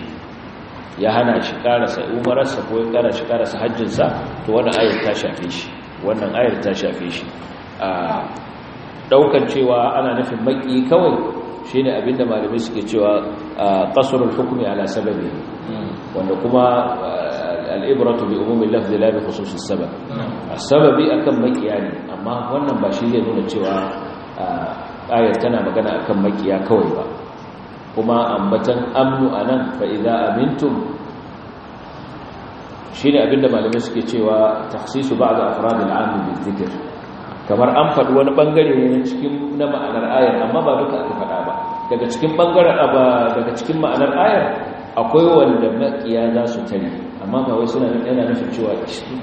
ya hana shi karasa umararsa ko ya karasa shi karasa hajjinsa to wannan aya ta shafe shi wannan aya ta shafe shi a daukan cewa ana nufin maki kawai shine abinda malamai suke cewa qasrul hukmi ala sababi wanda kuma al'ibratu bi umumin lafzi la bi khususis sabab sababi akan makiya ne amma wannan ba shi zai nuna cewa ayar tana magana akan makiya kawai ba kuma ambatan amnu anan fa idza amintum shine abinda malamai suke cewa ba a ga al'am bi dhikr kamar an faɗi wani bangare ne cikin na ma'anar ayar amma ba duka aka faɗa ba daga cikin bangaren daga cikin ma'anar ayar akwai wanda makiya za su tare amma ba wai na yana nufin cewa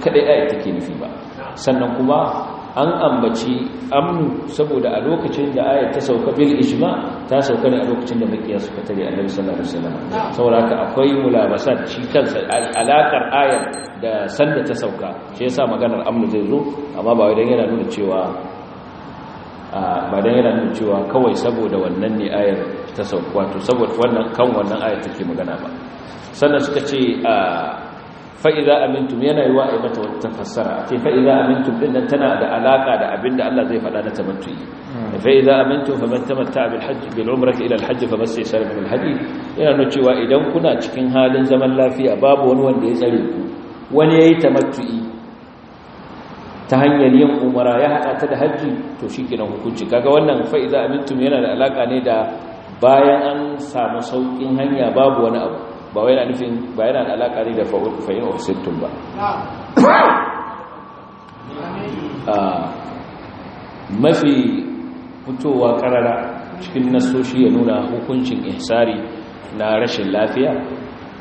kadai ayat take nufi ba sannan kuma an ambaci amnu saboda a lokacin da ayat ta sauka bil ijma ta sauka ne a lokacin da makiya suka tare annabi sallallahu alaihi wasallam saboda haka akwai mulabasat shi kansa alakar ayat da sanda ta sauka shi yasa maganar amnu zai zo amma ba wai dan yana nuna cewa ba dan yana nuna cewa kawai saboda wannan ne ayar ta sauka wato saboda wannan kan wannan ayar take magana ba sannan suka ce fa'iza amintum yana yi wa'ai mata wata fassara ce fa'iza amintum ɗin nan tana da alaƙa da abin da Allah zai faɗa na tamattu'i hmm. fa'iza amintum fa man tamatta bil hajji bil umrati ila al fa masai sar bil yana nuna cewa idan kuna cikin halin zaman lafiya babu wani wanda ya tsare ku wani ya yi ta hanyar yin umara ya haɗa ta da hajji to shikenan hukunci kaga wannan fa'iza amintum yana da alaƙa ne da bayan an samu saukin hanya babu wani abu ba wai yana nufin ba yana da alaka ne da fa'in ofisittun ba ah, mafi fitowa karara cikin nasoshi ya nuna hukuncin ihsari na rashin lafiya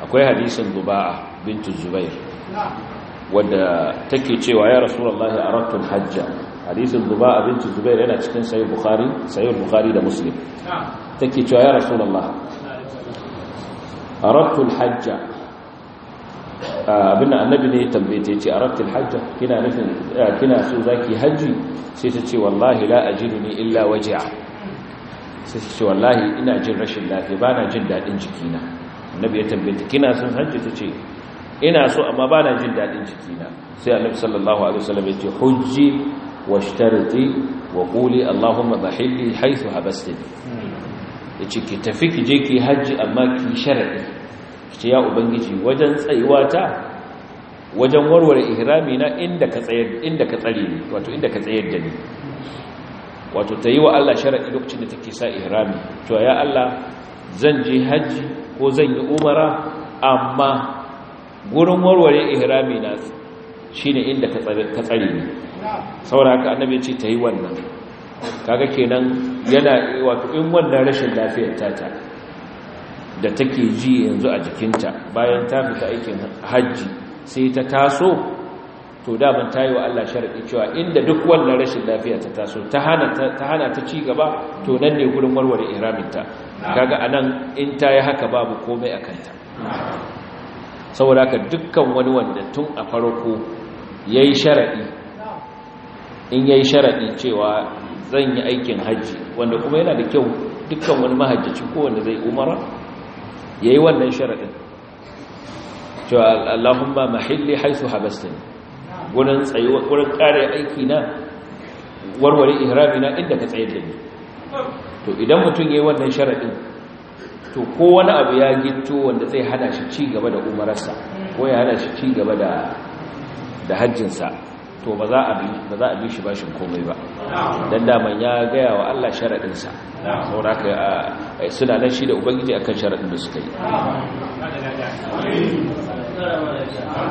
akwai hadisin duba'a bintu zubair wadda take cewa ya a aradtul hajja hadisin duba'a bintu zubair yana cikin sahih bukari sahih bukhari da muslim take cewa ya rasulullah arattul hajja abin da annabi ne tambaye ta ce arattul hajja kina nufin kina so zaki haji sai ta ce wallahi la ajiduni illa waji'a sai ta ce wallahi ina jin rashin lafiya bana jin dadin jikina annabi ya tambaye ta kina son haji ta ce ina so amma bana jin dadin jikina sai annabi sallallahu alaihi wasallam ya ce hujji washtariti wa quli allahumma dhahili haythu habastani ya ce ki tafi ki je ki hajji amma ki sharadi ki ce ya ubangiji wajen tsayuwa ta wajen warware ihrami na inda ka tsayar inda ka tsare ni wato inda ka tsayar da ni wato ta yi wa Allah sharadi lokacin da take sa ihrami to ya Allah zan je hajji ko zan yi umara amma gurin warware ihrami na shine inda ka tsare ni saboda haka annabi ya ce ta yi wannan kaga kenan yana wato in wannan rashin lafiyar tata da take ji yanzu a jikinta bayan ta fita aikin hajji sai ta taso to da ta yi wa Allah sharaɗi cewa inda duk wannan rashin lafiya ta taso ta hana ta ci gaba to nan ne gurin warware iraminta kaga anan in ta yi haka babu komai a kanta saboda haka dukkan wani wanda tun a farko ya yi sharaɗi in ya yi cewa zan yi aikin hajji wanda kuma yana da kyau dukkan wani mahajjaci ko wanda zai umara ya yi wannan sharaɗin. cewa ba mahalli haisu habastin gurin tsayuwa wurin kare aiki na warware ihrami na inda ka tsayar da ni to idan mutum ya yi wannan sharaɗin, to ko wani abu ya gito wanda zai hana shi ci gaba da umararsa ko ya hana shi ci gaba da hajjinsa to ba za a bi shi bashin komai ba da daman ya gaya wa Allah sharaɗinsa sauraka suna nan shi da ubangiji akan sharaɗin da suka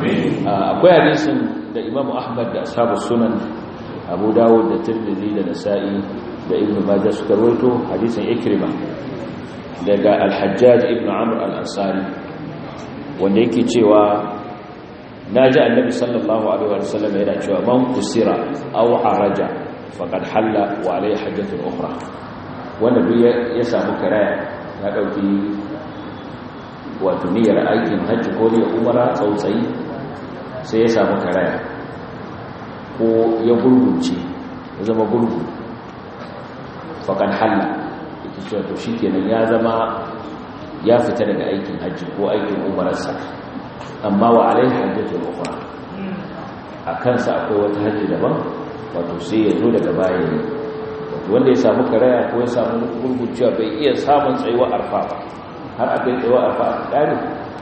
yi akwai hadisin da imam ahmad da asabu sunan abu dawud da tirmidhi da nasa'i da ibn majah suka rawaito hadisin ikrima daga al-hajjaj ibn amr al-ansari wanda yake cewa na ji annabi sallallahu alaihi wasallam yana cewa man kusira aw haraja faqad halla wa alai hajjatun ukhra wanda duk ya samu karaya ya dauki wato niyyar aikin hajji ko ne umara tsautsayi sai ya samu karaya ko ya gurgunce ya zama gurgu faqad halla ita cewa to shikenan ya zama ya fita daga aikin hajji ko aikin umararsa amma wa alai hajjatu ukhra a kansa akwai wata hajji daban wato sai ya zo daga baya ne wato wanda ya samu karaya ko ya samu gurgurciwa bai iya samun tsayuwa arfa ba har a kai tsayuwa arfa a kare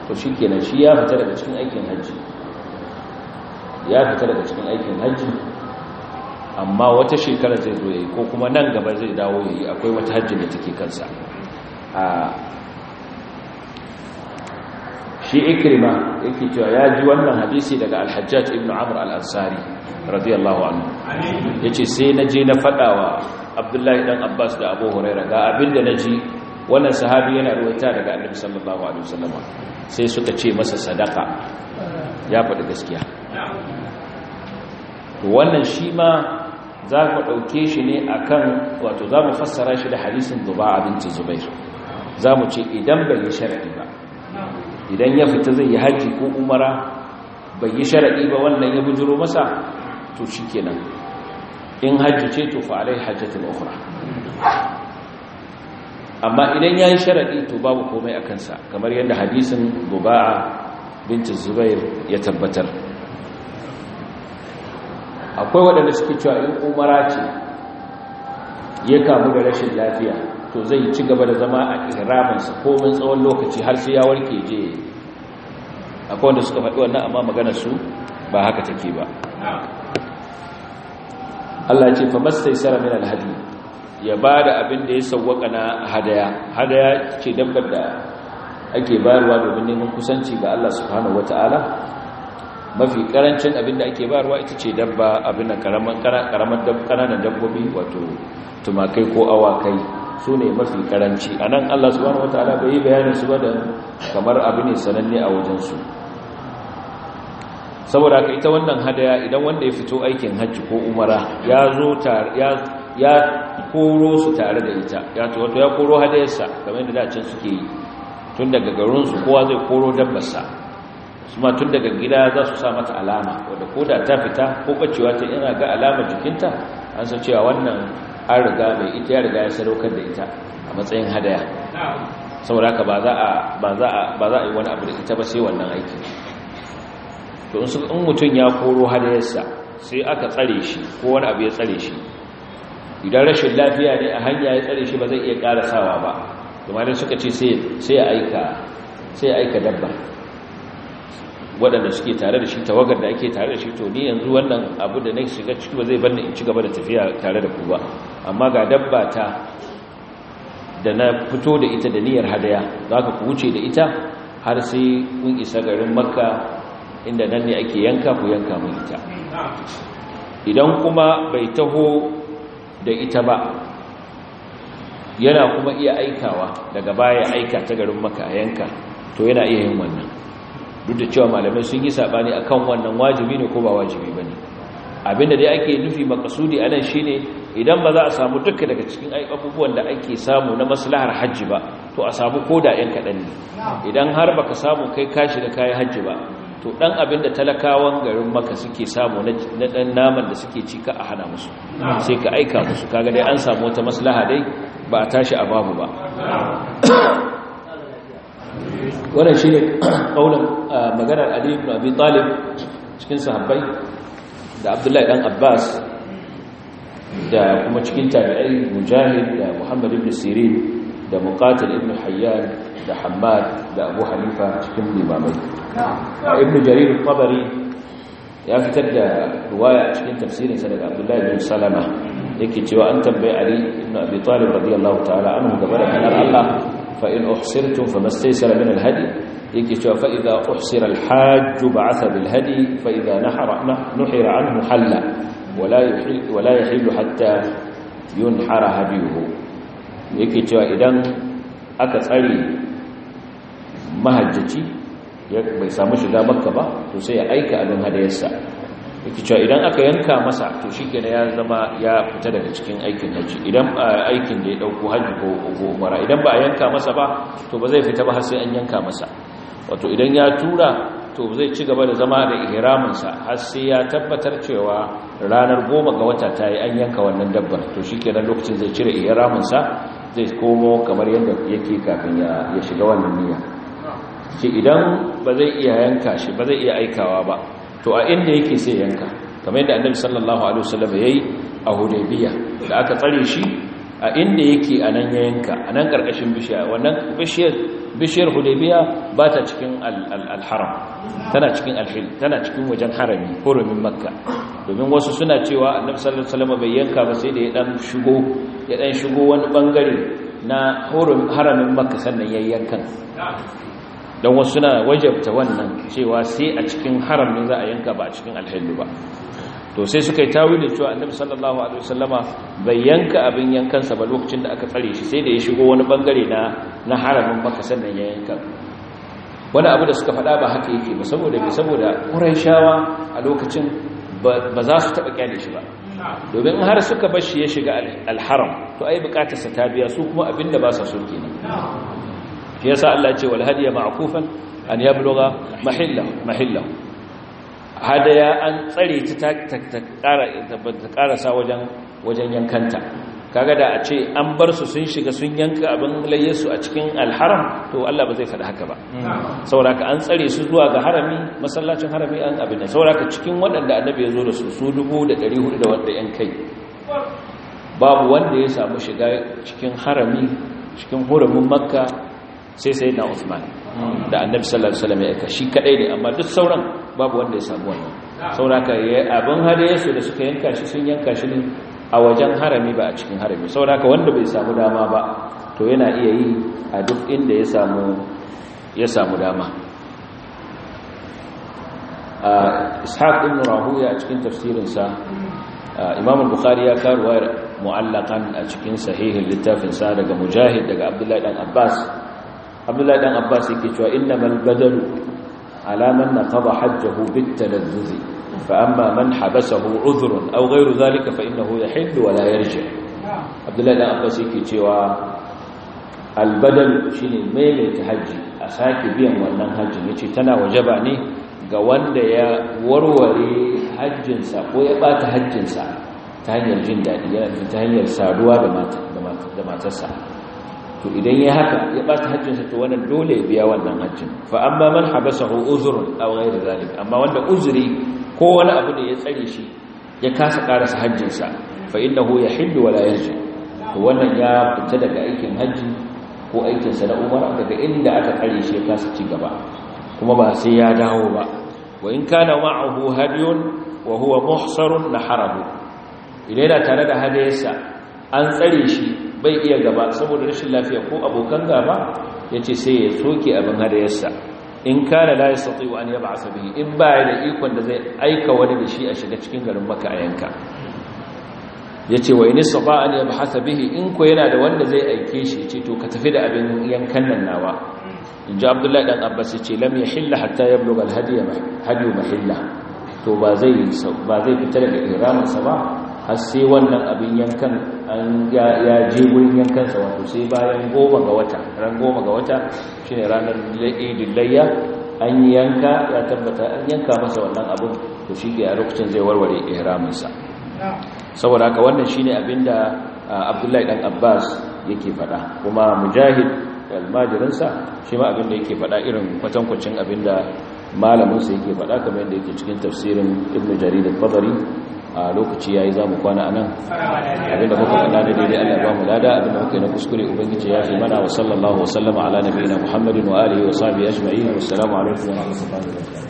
to shikenan shi ya fita daga cikin aikin hajji ya fita daga cikin aikin hajji amma wata shekarar zai zo ya yi ko kuma nan gaba zai dawo ya yi akwai wata hajji da take kansa a shi ikrima yake cewa ya ji wannan hadisi daga al ibn amr al-ansari radiyallahu anhu yace sai na je na fadawa abdullahi dan abbas da abu hurairah ga abinda ji wannan sahabi yana ruwaita daga annabi sallallahu alaihi wasallam sai suka ce masa sadaka ya faɗi gaskiya wannan shi ma za ɗauke shi ne akan wato za mu fassara shi da hadisin zuba abinci zubai za mu ce idan bai yi sharadi ba idan ya fita zai yi haji ko umara bai yi sharaɗi ba wannan ya bujiro masa to shi kenan in hajji ce to fa'alai hajjatin ukura amma idan ya yi sharaɗi to babu komai a kansa kamar yadda hadisin buba'a binta zubair ya tabbatar akwai waɗanda suke cewa in umara ce ya kamu da rashin lafiya to zai ci gaba da zama a ko komin tsawon lokaci har sai ya warke je akwai wanda suka faɗi wannan amma maganar su ba haka take ba Allah ce fa masai min alhadi ya bada abin da ya sawwaka na hadaya hadaya ce dabbar da ake bayarwa domin neman kusanci ga Allah subhanahu wataala mafi karancin abin da ake bayarwa ita ce dabba abin da karaman karaman dabbobi wato tumakai ko awakai su ne mafi karanci a nan allah wani wata bai yi bayanin su ba da kamar abu ne sananne a wajensu saboda ka ita wannan hadaya idan wanda ya fito aikin hajji ko umara ya zo ya koro su tare da ita ya wato ya koro hadayarsa kamar da dacin suke yi tun daga garinsu kowa zai koro dabbarsa ma tun daga gida za su sa mata alama wadda ko da ta fita ko bacewa ta yana ga alama jikinta an san cewa wannan an riga mai ita ya riga ya sadaukar da ita a matsayin hadaya saboda haka ba za a ba za a yi wani abu da ita ba sai wannan aiki to in su ya koro hadayarsa sai aka tsare shi ko wani abu ya tsare shi idan rashin lafiya ne a hanya ya tsare shi ba zai iya karasawa ba to suka ce sai sai ya aika dabba waɗanda suke tare da shi tawagar da ake tare da shi to ni yanzu wannan abu da na shiga ciki ba zai banna in ci gaba da tafiya tare da ku ba amma ga dabba ta da na fito da ita da niyyar hadaya za ka ku wuce da ita har sai kun isa garin makka inda nan ne ake yanka ku yanka mun ita idan kuma bai taho da ita ba yana kuma iya aikawa daga baya aika ta garin makka yanka to yana iya yin wannan duk da cewa malamai sun yi sabani akan wannan wajibi ne ko ba wajibi bane abinda dai ake nufi makasudi anan shine idan ba za a samu duka daga cikin abubuwan da ake samu na maslahar hajji ba to a samu koda yan kadan ne idan har baka samu kai kashi da kayan hajji ba to dan abin da talakawan garin maka suke samu na dan naman da suke ci ka a hana musu sai ka aika musu kaga dai an samu wata maslaha dai ba a tashi a babu ba wannan shi ne ƙaunar maganar ali ibn abi talib cikin sahabbai da abdullahi dan abbas da kuma cikin tabi'ai mujahid da muhammad ibn sirin da muqatil ibn hayyan da hammad da abu hanifa cikin limamai ibn jarir al Qabari ya fitar da ruwaya cikin tafsirinsa daga abdullahi bin salama yake cewa an tambayi ali ibn abi talib radiyallahu ta'ala anhu gaba da Allah فإن أحصرتم فما استيسر من الهدي يكتب فإذا أحصر الحاج بعث بالهدي فإذا نحر, نحر عنه حل ولا يحل, ولا يحل حتى ينحر هديه يكتب إذن أكثري مهجتي bai samu shiga makka ba to sai ya aika abin hadayarsa yake idan aka yanka masa to shi ke ya zama ya fita daga cikin aikin hajji idan aikin da ya ɗauko hajji ko umara idan ba a yanka masa ba to ba zai fita ba har sai an yanka masa wato idan ya tura to zai ci gaba da zama da ihraminsa har sai ya tabbatar cewa ranar goma ga wata ta yi an yanka wannan dabbar to shi kenan lokacin zai cire ihraminsa zai komo kamar yadda yake kafin ya shiga wannan niyya shi idan ba zai iya yanka shi ba zai iya aikawa ba to a inda yake sai yanka kamar yadda annabi sallallahu alaihi wasallam yayi a hudaybiya da aka tsare shi a inda yake a nan ya yanka a nan karkashin bishiya wannan bishiyar bishiyar hudaybiya ba ta cikin al-haram tana cikin al-hil tana cikin wajen harami hurumin makka domin wasu suna cewa annabi sallallahu alaihi wasallam bai yanka ba sai da ya dan shigo ya dan shigo wani bangare na haramin makka sannan yayyankan don wasu na wajabta wannan cewa sai a cikin haram ne za a yanka ba a cikin alhallu ba to sai suka yi tawilin cewa annabi sallallahu alaihi wasallama bai yanka abin yankan sa ba lokacin da aka tsare shi sai da ya shigo wani bangare na na haramin maka sannan ya yanka wani abu da suka faɗa ba haka yake ba saboda bi saboda ƙurayshawa a lokacin ba za su taɓa kyale shi ba domin har suka bar shi ya shiga alharam to ai bukatarsa ta biya su kuma abinda ba sa so kenan shi yasa Allah ce wal hadiya ma'kufan an yabluga mahilla mahilla hadaya an tsare ta ta karasa wajen wajen yankanta kaga da a ce an bar su sun shiga sun yanka abin su a cikin alharam to Allah ba zai faɗi haka ba ka an tsare su zuwa ga harami masallacin harami an abin da ka cikin waɗanda annabi ya zo da su su dubu da da wanda yan kai babu wanda ya samu shiga cikin harami cikin hurumin makka sai sai na Uthman da annabi sallallahu alaihi wasallam ya shi kadai ne amma duk sauran babu wanda ya samu wannan sauraka abin yaso da suka yanka shi sun yanka shi ne a wajen harami ba a cikin harami sauraka wanda bai samu dama ba to yana iya yi a duk inda ya samu ya samu dama ishaq ibn rahuya a cikin sa imam bukhari ya karuwa mu'allakan a cikin sahihin littafin sa daga mujahid daga abdullahi dan abbas abdullahi dan abbas yake cewa innamal badalu ala man naqada hajjahu bitalazzuz fa amma man habasahu udhrun aw ghayru zalika fa innahu yahill wa la yarji abdullahi dan abbas yake cewa al badal shine maimaita haji a sake biyan wannan hajjin yace tana wajaba ne ga wanda ya warware hajjinsa ko ya bata hajjinsa ta hanyar jin daɗi yana ta hanyar saduwa da matarsa to idan ya haka ya bata hajjinsa to wannan dole ya biya wannan hajjin fa amma man habasahu uzrun aw ghayr zalik amma wanda uzuri ko wani abu da ya tsare shi ya kasa karasa hajjinsa fa innahu yahillu wala yarji to wannan ya fita daga aikin hajji ko aikin sa na umara daga inda aka tsare shi ya kasa ci gaba kuma ba sai ya dawo ba wa in kana ma'ahu hadiyun wa huwa muhsarun harabu. idan yana tare da hadiyarsa an tsare shi bai iya gaba saboda rashin lafiya ko abokan gaba ya ce sai ya soke abin hadayarsa in kana la yastati wa an yab'as bihi in ba da ikon da zai aika wani da shi a shiga cikin garin maka a yanka yace wa in saba an yab'as bihi in ko yana da wanda zai aike shi yace to ka tafi da abin yankan nan nawa in abdullahi dan abbas ce lam yahilla hatta yablugha al hadiyu mahilla to ba zai ba zai fita daga ihramin sa ba har sai wannan abin yankan an ya je wurin yankansa wato sai bayan goma ga wata ran goma ga wata shine ranar idin layya an yanka ya tabbata an yanka masa wannan abin to shi ke a rukucin zai warware ihraminsa saboda haka wannan shine da abdullahi dan abbas yake faɗa kuma mujahid almajirinsa shi ma abinda yake faɗa irin kwatankwacin abinda malaminsa yake faɗa kamar yadda yake cikin tafsirin ibn jarir al-fadari a lokaci yayi zamu kwana anan abinda muka kada da dai Allah ya ba mu lada abinda muka yi na kuskure ubangiji ya yi mana wa sallallahu wa sallama ala nabiyina muhammadin wa alihi wa sahbihi ajma'in assalamu alaikum wa rahmatullahi wa barakatuh